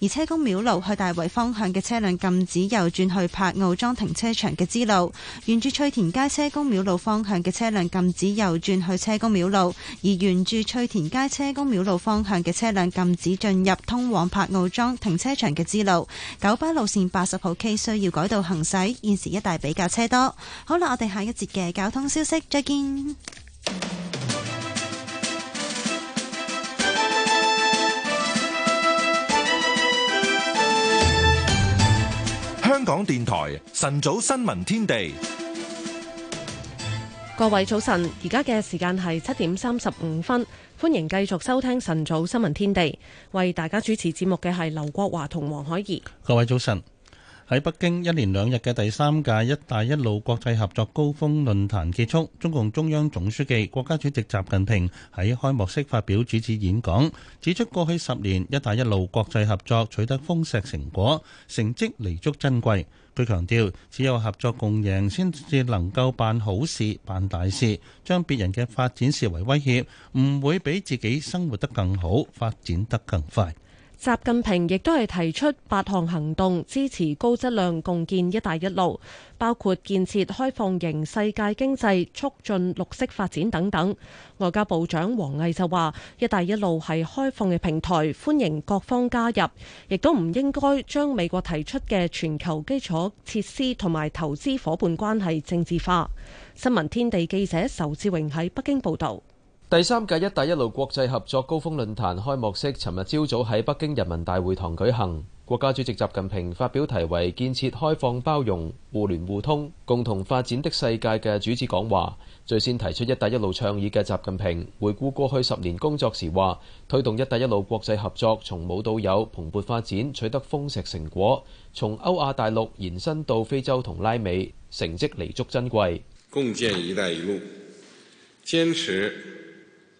而車公廟路去大圍方向嘅車輛禁止右轉去柏傲莊停車場嘅支路，沿住翠田街車公廟路方向嘅車輛禁。只右轉去車公廟路，而沿住翠田街車公廟路方向嘅車輛禁止進入通往柏傲莊停車場嘅支路。 (music) 九巴路綫八十號 K 需要改道行駛，現時一帶比較車多。好啦，我哋下一節嘅交通消息，再見。香港電台晨早新聞天地。各位早晨，而家嘅時間係七點三十五分，歡迎繼續收聽晨早新聞天地。為大家主持節目嘅係劉國華同黃海怡。各位早晨，喺北京一連兩日嘅第三屆“一帶一路”國際合作高峰論壇結束，中共中央總書記、國家主席習近平喺開幕式發表主旨演講，指出過去十年“一帶一路”國際合作取得豐碩成果，成績彌足珍貴。佢強調，只有合作共贏，先至能夠辦好事、辦大事。將別人嘅發展視為威脅，唔會俾自己生活得更好、發展得更快。習近平亦都係提出八項行動，支持高質量共建“一帶一路”，包括建設開放型世界經濟、促進綠色發展等等。外交部長王毅就話：“一帶一路係開放嘅平台，歡迎各方加入，亦都唔應該將美國提出嘅全球基礎設施同埋投資夥伴關係政治化。”新聞天地記者仇志榮喺北京報道。第三屆“一帶一路”國際合作高峰論壇開幕式，尋日朝早喺北京人民大會堂舉行。國家主席習近平發表題為《建設開放包容、互聯互通、共同發展的世界》嘅主旨講話。最先提出“一帶一路”倡議嘅習近平，回顧過去十年工作時話：推動“一帶一路”國際合作，從冇到有、蓬勃發展，取得豐碩成果，從歐亞大陸延伸到非洲同拉美，成績彌足珍貴。共建“一帶一路”，堅持，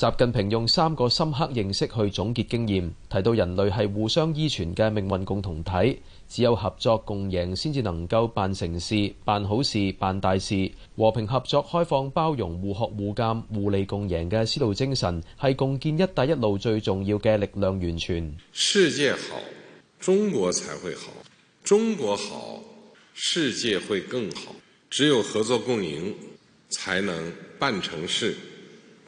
習近平用三個深刻認識去總結經驗，提到人類係互相依存嘅命運共同體，只有合作共贏先至能夠辦成事、辦好事、辦大事。和平合作、開放包容、互學互鑒互利共贏嘅絲路精神係共建“一帶一路”最重要嘅力量源泉。世界好，中國才會好；中國好，世界會更好。只有合作共贏，才能辦成事。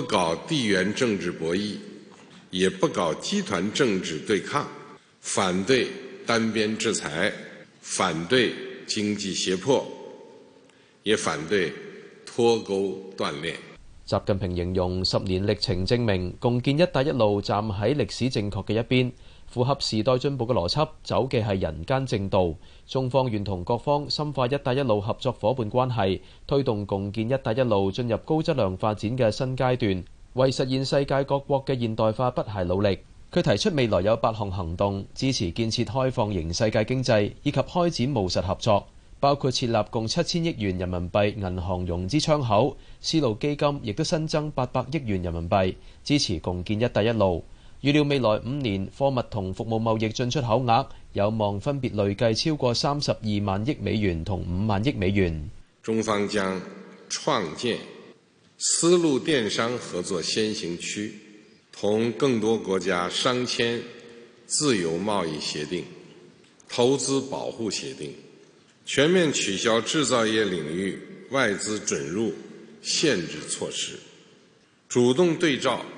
不搞地緣政治博弈，也不搞集團政治對抗，反對單邊制裁，反對經濟脅迫，也反對脫鈎斷鏈。習近平形容，十年歷程證明，共建“一帶一路”站喺歷史正確嘅一邊。符合時代進步嘅邏輯，走嘅係人間正道。中方願同各方深化一帶一路合作伙伴關係，推動共建一帶一路進入高質量發展嘅新階段，為實現世界各國嘅現代化不懈努力。佢提出未來有八項行動，支持建設開放型世界經濟，以及開展務實合作，包括設立共七千億元人民幣銀行融資窗口，絲路基金亦都新增八百億元人民幣，支持共建一帶一路。預料未來五年貨物同服務貿易進出口額有望分別累計超過三十二萬億美元同五萬億美元。中方將創建絲路電商合作先行區，同更多國家商簽自由貿易協定、投資保護協定，全面取消製造業領域外資准入限制措施，主動對照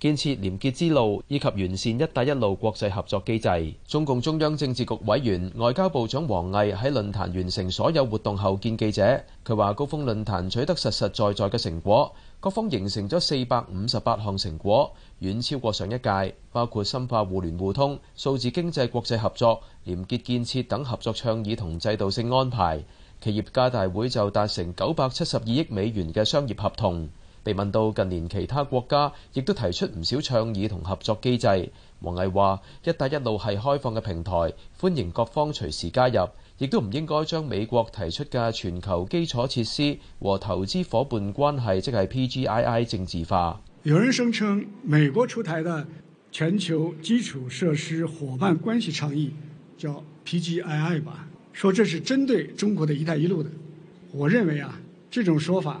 建設廉潔之路，以及完善一帶一路國際合作機制。中共中央政治局委員、外交部長王毅喺論壇完成所有活動後見記者，佢話：高峰論壇取得實實在在嘅成果，各方形成咗四百五十八項成果，遠超過上一屆，包括深化互聯互通、數字經濟國際合作、廉潔建設等合作倡議同制度性安排。企業家大會就達成九百七十二億美元嘅商業合同。被問到近年其他國家亦都提出唔少倡議同合作機制，王毅話：一帶一路係開放嘅平台，歡迎各方隨時加入，亦都唔應該將美國提出嘅全球基礎設施和投資伙伴關係即係 PGII 政治化。有人聲稱美國出台的全球基礎設施伙伴關係倡議叫 PGII 吧，說這是針對中國的一帶一路的。我認為啊，這種說法，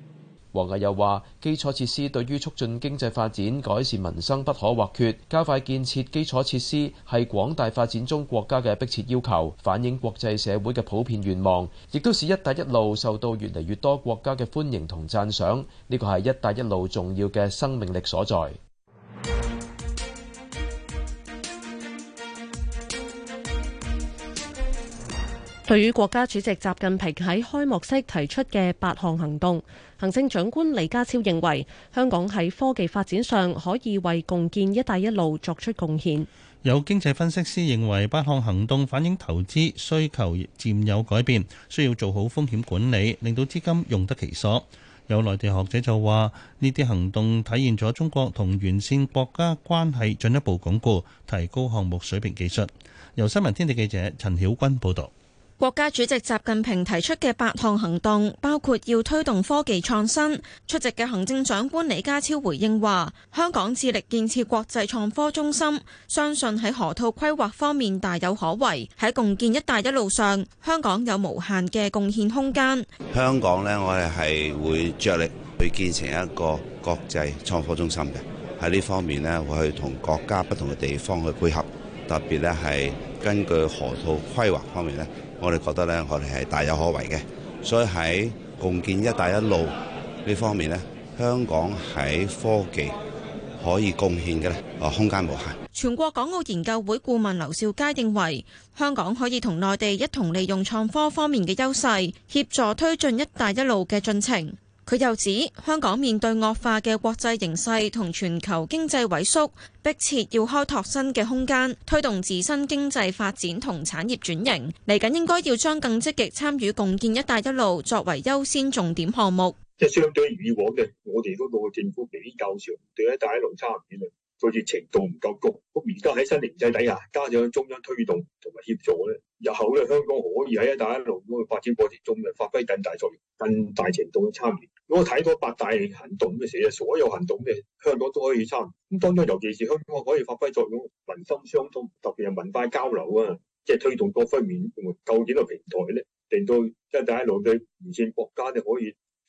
王毅又話：基礎設施對於促進經濟發展、改善民生不可或缺。加快建設基礎設施係廣大發展中國家嘅迫切要求，反映國際社會嘅普遍願望，亦都是一帶一路受到越嚟越多國家嘅歡迎同讚賞。呢個係一帶一路重要嘅生命力所在。對於國家主席習近平喺開幕式提出嘅八項行動。行政長官李家超認為，香港喺科技發展上可以為共建一帶一路作出貢獻。有經濟分析師認為，八項行動反映投資需求漸有改變，需要做好風險管理，令到資金用得其所。有內地學者就話，呢啲行動體現咗中國同完善國家關係進一步鞏固，提高項目水平技術。由新聞天地記者陳曉君報道。國家主席習近平提出嘅八項行動，包括要推動科技創新。出席嘅行政長官李家超回應話，香港致力建設國際創科中心，相信喺河套規劃方面大有可為。喺共建「一帶一路」上，香港有無限嘅貢獻空間。香港呢，我哋係會着力去建成一個國際創科中心嘅。喺呢方面呢，會去同國家不同嘅地方去配合，特別呢係。根據河套規劃方面咧，我哋覺得咧，我哋係大有可為嘅。所以喺共建一帶一路呢方面咧，香港喺科技可以貢獻嘅咧，啊空間無限。全國港澳研究會顧問劉兆佳認為，香港可以同內地一同利用創科方面嘅優勢，協助推進一帶一路嘅進程。佢又指香港面對惡化嘅國際形勢同全球經濟萎縮，迫切要開拓新嘅空間，推動自身經濟發展同產業轉型。嚟緊應該要將更積極參與共建「一帶一路」作為優先重點項目。即係相對於以往嘅，我哋嗰個政府比較上對一帶一路參與嘅程度唔夠高。咁而家喺新形勢底下，加上中央推動同埋協助咧，日後咧香港可以喺一帶一路嗰個發展過程中發揮更大作用、更大程度嘅參與。如果睇到八大行動嘅時候，所有行動嘅香港都可以參與。咁當中，尤其是香港可以發揮作用，民心相通，特別係文化交流啊，即係推動各方面構建個平台咧，令到即係一帶一路對沿線國家你可以。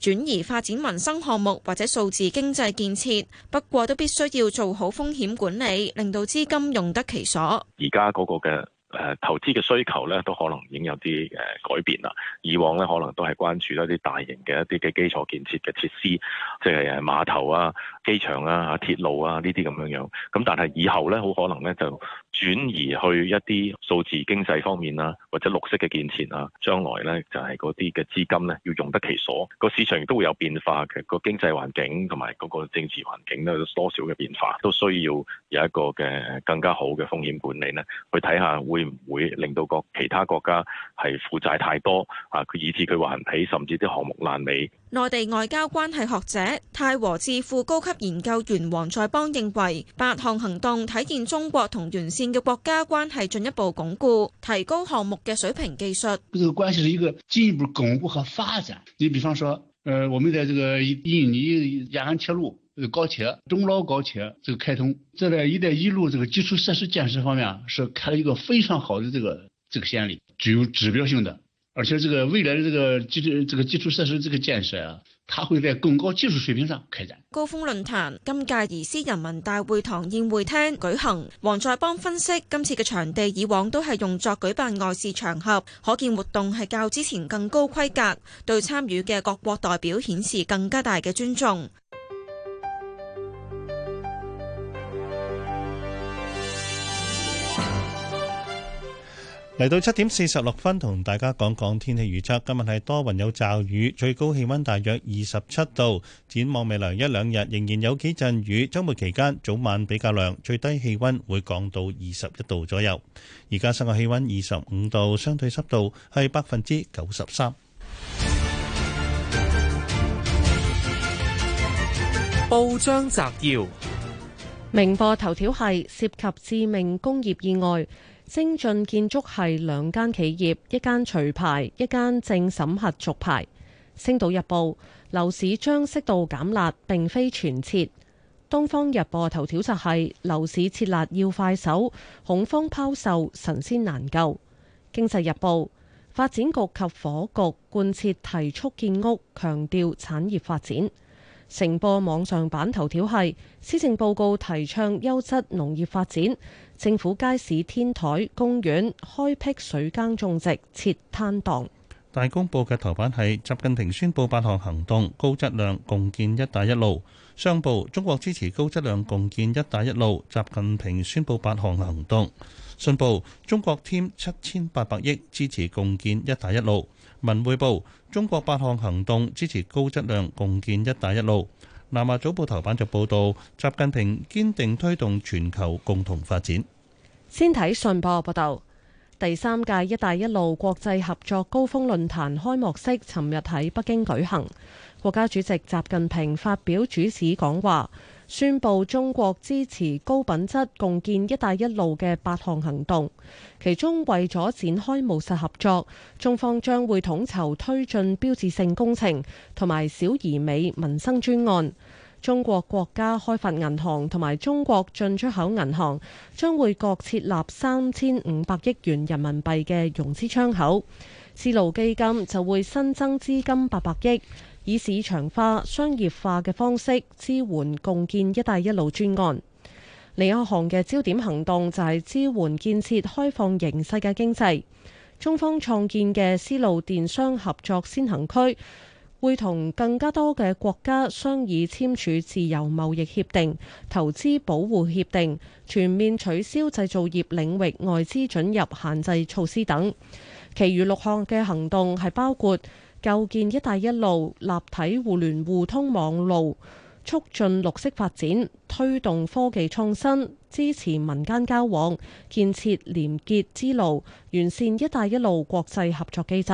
轉移發展民生項目或者數字經濟建設，不過都必須要做好風險管理，令到資金用得其所。而家嗰個嘅誒、啊、投資嘅需求咧，都可能已經有啲誒改變啦。以往咧可能都係關注一啲大型嘅一啲嘅基礎建設嘅設施，即係誒碼頭啊。機場啊、鐵路啊呢啲咁樣樣，咁但係以後呢，好可能呢就轉移去一啲數字經濟方面啦、啊，或者綠色嘅建設啊。將來呢，就係嗰啲嘅資金呢，要用得其所，個市場亦都會有變化嘅，個經濟環境同埋嗰個政治環境都有多少嘅變化，都需要有一個嘅更加好嘅風險管理呢去睇下會唔會令到個其他國家係負債太多啊，佢以至佢還唔起，甚至啲項目爛尾。內地外交關係學者泰和智庫高級研究員王在邦認為，八項行動體現中國同沿線嘅國家關係進一步鞏固，提高項目嘅水平技術。這個關係是一個進一步鞏固和發展。你比方說，呃，我們在這個印尼雅安鐵路、呃高鐵，中老高鐵這個開通，這在“一帶一路”這個基礎設施建設方面，是開了一個非常好的這個這個先例，具有指標性的。而且，這個未來的這個基這這個基礎設施這個建設啊，它會在更高技術水平上開展。高峰論壇今屆移師人民大會堂宴會廳舉行。王在邦分析，今次嘅場地以往都係用作舉辦外事場合，可見活動係較之前更高規格，對參與嘅各國代表顯示更加大嘅尊重。嚟到七點四十六分，同大家講講天氣預測。今日係多雲有驟雨，最高氣温大約二十七度。展望未來一兩日，仍然有幾陣雨。周末期間早晚比較涼，最低氣温會降到二十一度左右。而家室外氣温二十五度，相對濕度係百分之九十三。報章摘要：明報頭條係涉及致命工業意外。精進建築係兩間企業，一間除牌，一間正審核續牌。星島日報樓市將適度減辣，並非全撤。東方日報頭條就係、是、樓市設辣要快手，恐慌拋售神仙難救。經濟日報發展局及火局貫徹提速建屋，強調產業發展。成報網上版頭條係施政報告提倡優質農業發展。政府街市天台公園開闢水耕種植，設攤檔。大公報嘅頭版係習近平宣布八項行動，高質量共建“一帶一路”。商報：中國支持高質量共建“一帶一路”，習近平宣布八項行動。信報：中國添七千八百億支持共建“一帶一路”文。文匯報：中國八項行動支持高質量共建“一帶一路”。南華早報頭版就報道，習近平堅定推動全球共同發展。先睇信報報道，第三屆“一帶一路”國際合作高峰論壇開幕式尋日喺北京舉行，國家主席習近平發表主旨講話。宣布中國支持高品質共建「一帶一路」嘅八項行動，其中為咗展開務實合作，中方將會統籌推進標誌性工程同埋小而美民生專案。中國國家開發銀行同埋中國進出口銀行將會各設立三千五百億元人民幣嘅融資窗口，絲路基金就會新增資金八百億。以市場化、商業化嘅方式支援共建「一帶一路」專案。另一項嘅焦點行動就係支援建設開放型世界經濟。中方創建嘅絲路電商合作先行區，會同更加多嘅國家商議簽署自由貿易協定、投資保護協定，全面取消製造業領域外資准入限制措施等。其餘六項嘅行動係包括，構建“一帶一路”立體互聯互通網路，促進綠色發展，推動科技創新，支持民間交往，建設廉潔之路，完善“一帶一路”國際合作機制。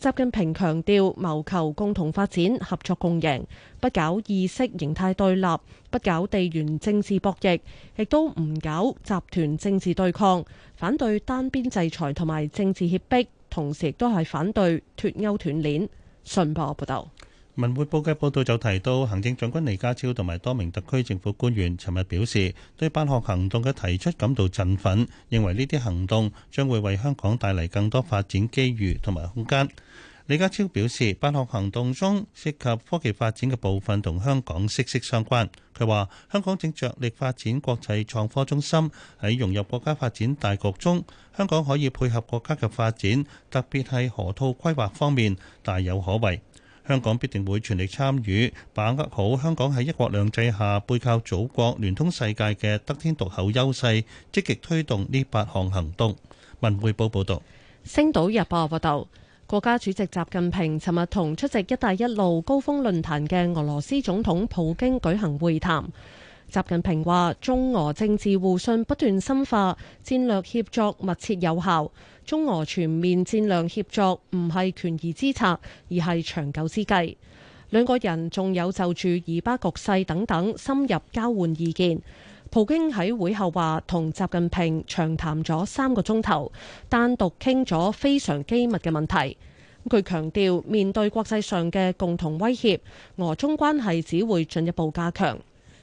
習近平強調，謀求共同發展、合作共贏，不搞意識形態對立，不搞地緣政治博弈，亦都唔搞集團政治對抗，反對單邊制裁同埋政治脅迫。同時都係反對脱歐斷鏈。信報報道，《文匯報》嘅報道就提到，行政長官李家超同埋多名特區政府官員尋日表示，對辦學行動嘅提出感到振奮，認為呢啲行動將會為香港帶嚟更多發展機遇同埋空間。李家超表示，八項行動中涉及科技發展嘅部分同香港息息相關。佢話：香港正着力發展國際創科中心，喺融入國家發展大局中，香港可以配合國家嘅發展，特別係河套規劃方面大有可為。香港必定會全力參與，把握好香港喺一國兩制下背靠祖國、聯通世界嘅得天獨厚優勢，積極推動呢八項行動。文匯報報導，星島日報報導。國家主席習近平尋日同出席一帶一路高峰論壇嘅俄羅斯總統普京舉行會談。習近平話：中俄政治互信不斷深化，戰略協作密切有效。中俄全面戰略協作唔係權宜之策，而係長久之計。兩個人仲有就住以巴局勢等等深入交換意見。普京喺會後話，同習近平長談咗三個鐘頭，單獨傾咗非常機密嘅問題。佢強調，面對國際上嘅共同威脅，俄中關係只會進一步加強。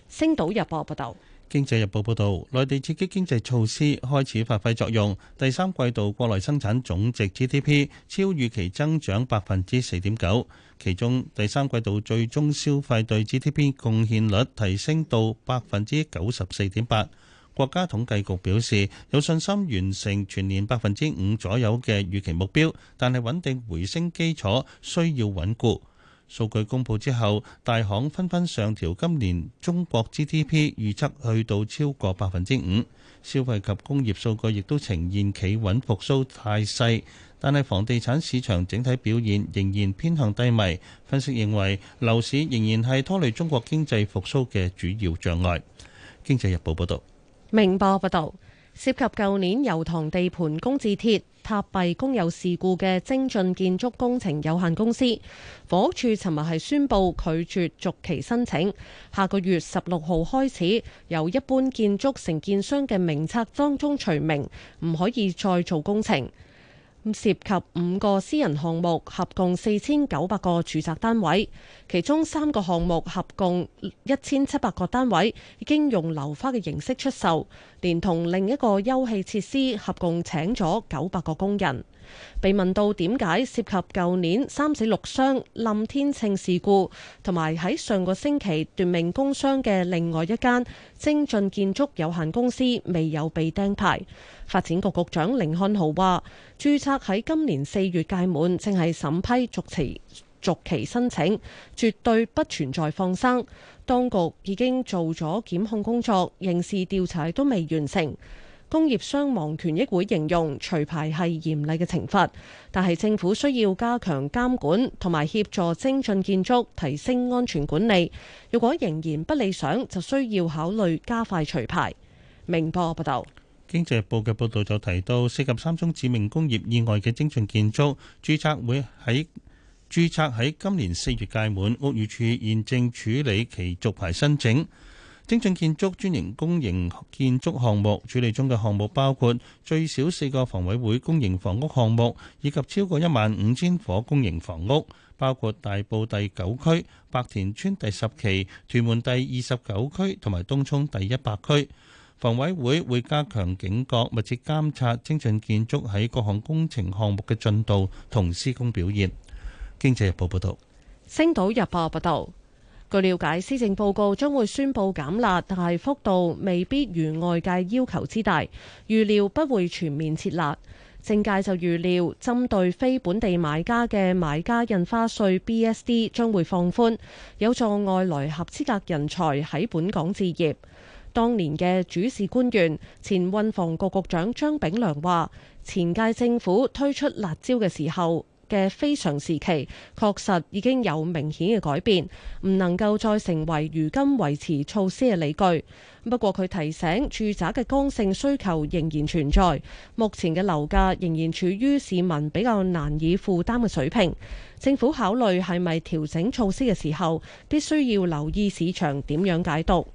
星島日報報道，經濟日報報道，內地刺激經濟措施開始發揮作用，第三季度國內生產總值 GDP 超預期增長百分之四點九。其中第三季度最終消費對 GDP 貢獻率提升到百分之九十四點八。國家統計局表示，有信心完成全年百分之五左右嘅預期目標，但係穩定回升基礎需要穩固。數據公佈之後，大行紛紛上調今年中國 GDP 預測去到超過百分之五。消費及工業數據亦都呈現企穩復甦態勢。但係，房地產市場整體表現仍然偏向低迷。分析認為，樓市仍然係拖累中國經濟復甦嘅主要障礙。經濟日報報道：「明報報道，涉及舊年油塘地盤工字鐵塔閉工有事故嘅精進建築工程有限公司，房屋署尋日係宣布拒絕續，續期申請，下個月十六號開始由一般建築承建商嘅名冊當中除名，唔可以再做工程。涉及五個私人項目，合共四千九百個住宅單位，其中三個項目合共一千七百個單位已經用樓花嘅形式出售，連同另一個休憩設施合共請咗九百個工人。被問到點解涉及舊年三死六傷冧天秤事故，同埋喺上個星期奪命工傷嘅另外一間精進建築有限公司未有被釘牌，發展局局長甯漢豪話：註冊喺今年四月屆滿，正係審批續期續期申請，絕對不存在放生。當局已經做咗檢控工作，刑事調查都未完成。工業傷亡權益會形容除牌係嚴厲嘅懲罰，但係政府需要加強監管同埋協助精進建築，提升安全管理。如果仍然不理想，就需要考慮加快除牌。明報報道，《經濟日報》嘅報導就提到，涉及三宗致命工業意外嘅精進建築註冊會喺註冊喺今年四月屆滿，屋宇處現正處理其續牌申請。精進建築專營公營建築項目處理中嘅項目包括最少四個房委會公營房屋項目，以及超過一萬五千伙公營房屋，包括大埔第九區、白田村第十期、屯門第二十九區同埋東涌第一百區。房委會會加強警覺、密切監察精進建築喺各項工程項目嘅進度同施工表現。經濟日報報導，《星島日報》報導。據了解，施政報告將會宣佈減辣，但係幅度未必如外界要求之大。預料不會全面撤辣，政界就預料，針對非本地買家嘅買家印花稅 BSD 將會放寬，有助外來合資格人才喺本港置業。當年嘅主事官員、前運房局局長張炳良話，前屆政府推出辣招嘅時候，嘅非常時期，確實已經有明顯嘅改變，唔能夠再成為如今維持措施嘅理據。不過，佢提醒住宅嘅剛性需求仍然存在，目前嘅樓價仍然處於市民比較難以負擔嘅水平。政府考慮係咪調整措施嘅時候，必須要留意市場點樣解讀。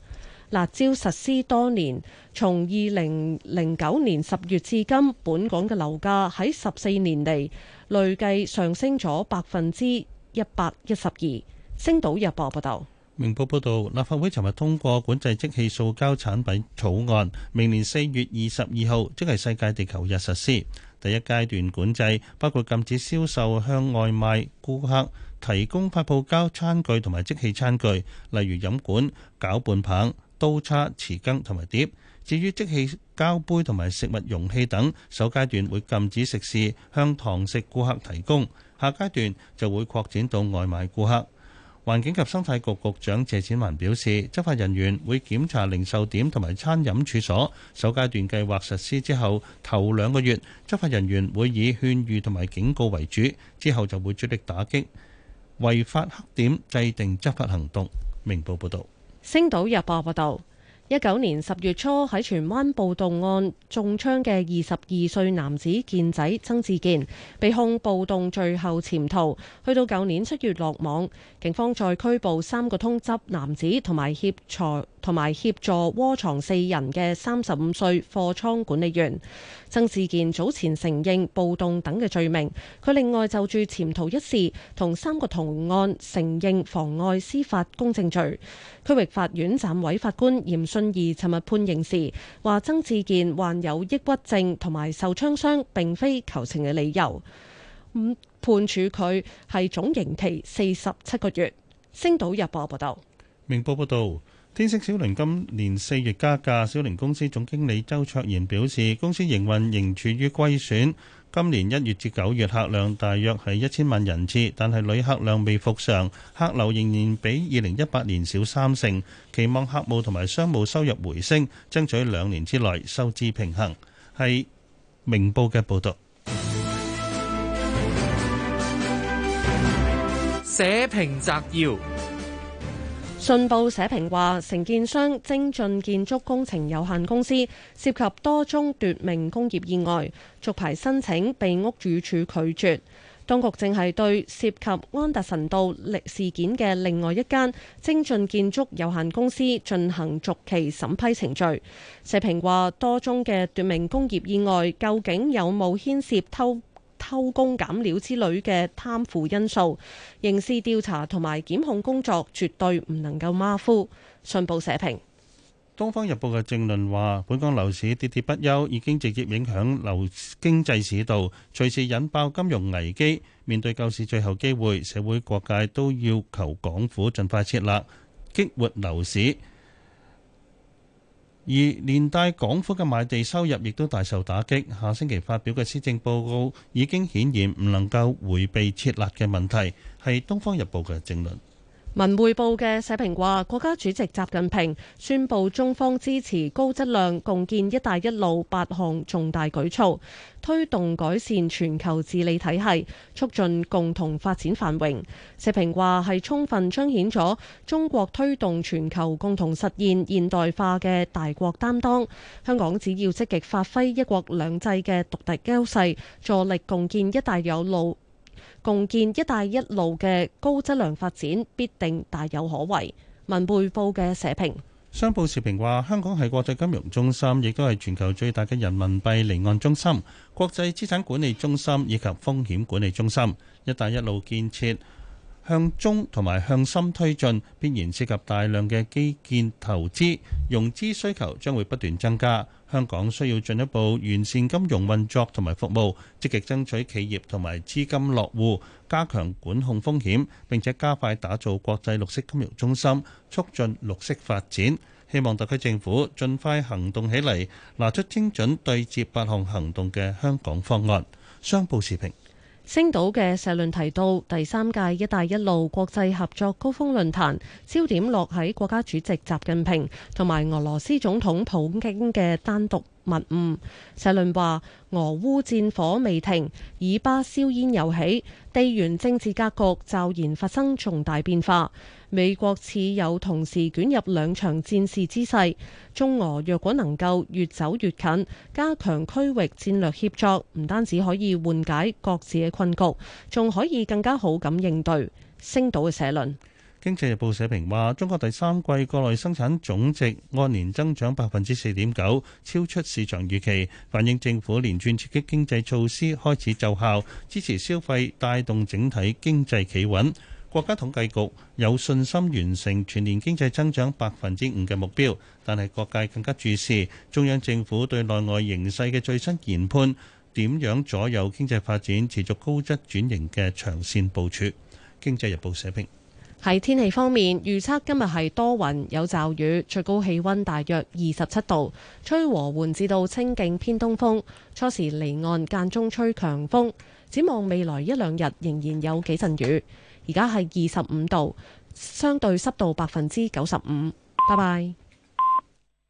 辣招實施多年，從二零零九年十月至今，本港嘅樓價喺十四年嚟。累計上升咗百分之一百一十二。星島日報報道，明報報道，立法會尋日通過管制即棄塑膠產品草案，明年四月二十二號，即係世界地球日實施第一階段管制，包括禁止銷售、向外賣顧客提供發泡膠餐具同埋即棄餐具，例如飲管、攪拌棒、刀叉、匙羹同埋碟。至於即棄膠杯同埋食物容器等，首階段會禁止食肆向堂食顧客提供，下階段就會擴展到外賣顧客。環境及生態局局長謝展寰表示，執法人員會檢查零售點同埋餐飲處所。首階段計劃實施之後，頭兩個月執法人員會以勸喻同埋警告為主，之後就會主力打擊違法黑點，制定執法行動。明報報道。星島日報報道。一九年十月初喺荃灣暴動案中槍嘅二十二歲男子健仔曾志健，被控暴動罪後潛逃，到去到舊年七月落網。警方再拘捕三個通緝男子同埋協助同埋協助窩藏四人嘅三十五歲貨倉管理員，曾志健早前承認暴動等嘅罪名。佢另外就住潛逃一事同三個同案承認妨礙司法公正罪。區域法院暫委法官嚴信義尋日判刑時話，曾志健患有抑鬱症同埋受槍傷，並非求情嘅理由，判處佢係總刑期四十七個月。星島日報、啊、報道，明報報道。天星小輪今年四月加價，小輪公司總經理周卓賢表示，公司營運仍處於虧損。今年一月至九月客量大約係一千萬人次，但係旅客量未復常，客流仍然比二零一八年少三成。期望客戶同埋商務收入回升，爭取兩年之內收支平衡。係明報嘅報道，社評摘要。信報社評話，承建商精進建築工程有限公司涉及多宗奪命工業意外，續牌申請被屋宇署拒絕。當局正係對涉及安達臣道力事件嘅另外一間精進建築有限公司進行續期審批程序。社評話，多宗嘅奪命工業意外究竟有冇牽涉偷偷工減料之類嘅貪腐因素，刑事調查同埋檢控工作絕對唔能夠馬虎。信報社評，《東方日報》嘅政論話：本港樓市跌跌不休，已經直接影響樓經濟市道，隨時引爆金融危機。面對救市最後機會，社會各界都要求港府盡快設立激活樓市。而連帶港府嘅賣地收入亦都大受打擊，下星期發表嘅施政報告已經顯然唔能夠迴避設立嘅問題，係《東方日報》嘅正論。文匯報嘅社評話，國家主席習近平宣布中方支持高質量共建“一帶一路”八項重大舉措，推動改善全球治理體系，促進共同發展繁榮。社評話係充分彰顯咗中國推動全球共同實現現代化嘅大國擔當。香港只要積極發揮一國兩制嘅獨特優勢，助力共建“一帶一路”。共建“一帶一路”嘅高質量發展必定大有可為。文匯報嘅社評，商報社評話：香港係國際金融中心，亦都係全球最大嘅人民幣離岸中心、國際資產管理中心以及風險管理中心。一帶一路建設，向中同埋向深推進，必然涉及大量嘅基建投資，融資需求將會不斷增加。香港需要進一步完善金融運作同埋服務，積極爭取企業同埋資金落戶，加強管控風險，並且加快打造國際綠色金融中心，促進綠色發展。希望特區政府盡快行動起嚟，拿出精準對接八項行動嘅香港方案。商報時評。星島嘅社論提到第三屆“一帶一路”國際合作高峰論壇，焦點落喺國家主席習近平同埋俄羅斯總統普京嘅單獨會晤。社論話：俄烏戰火未停，以巴硝煙又起，地緣政治格局驟然發生重大變化。美國似有同時捲入兩場戰事之勢，中俄若果能夠越走越近，加強區域戰略協作，唔單止可以緩解各自嘅困局，仲可以更加好咁應對。星島嘅社論。經濟日報社評話：中國第三季國內生產總值按年增長百分之四點九，超出市場預期，反映政府連串刺激經濟措施開始奏效，支持消費，帶動整體經濟企穩。國家統計局有信心完成全年經濟增長百分之五嘅目標，但係各界更加注視中央政府對內外形勢嘅最新研判，點樣左右經濟發展持續高質轉型嘅長線部署？經濟日報社評。喺天氣方面，預測今日係多雲有驟雨，最高氣溫大約二十七度，吹和緩至到清勁偏東風，初時離岸間中吹強風，展望未來一兩日仍然有幾陣雨。而家係二十五度，相對濕度百分之九十五。拜拜。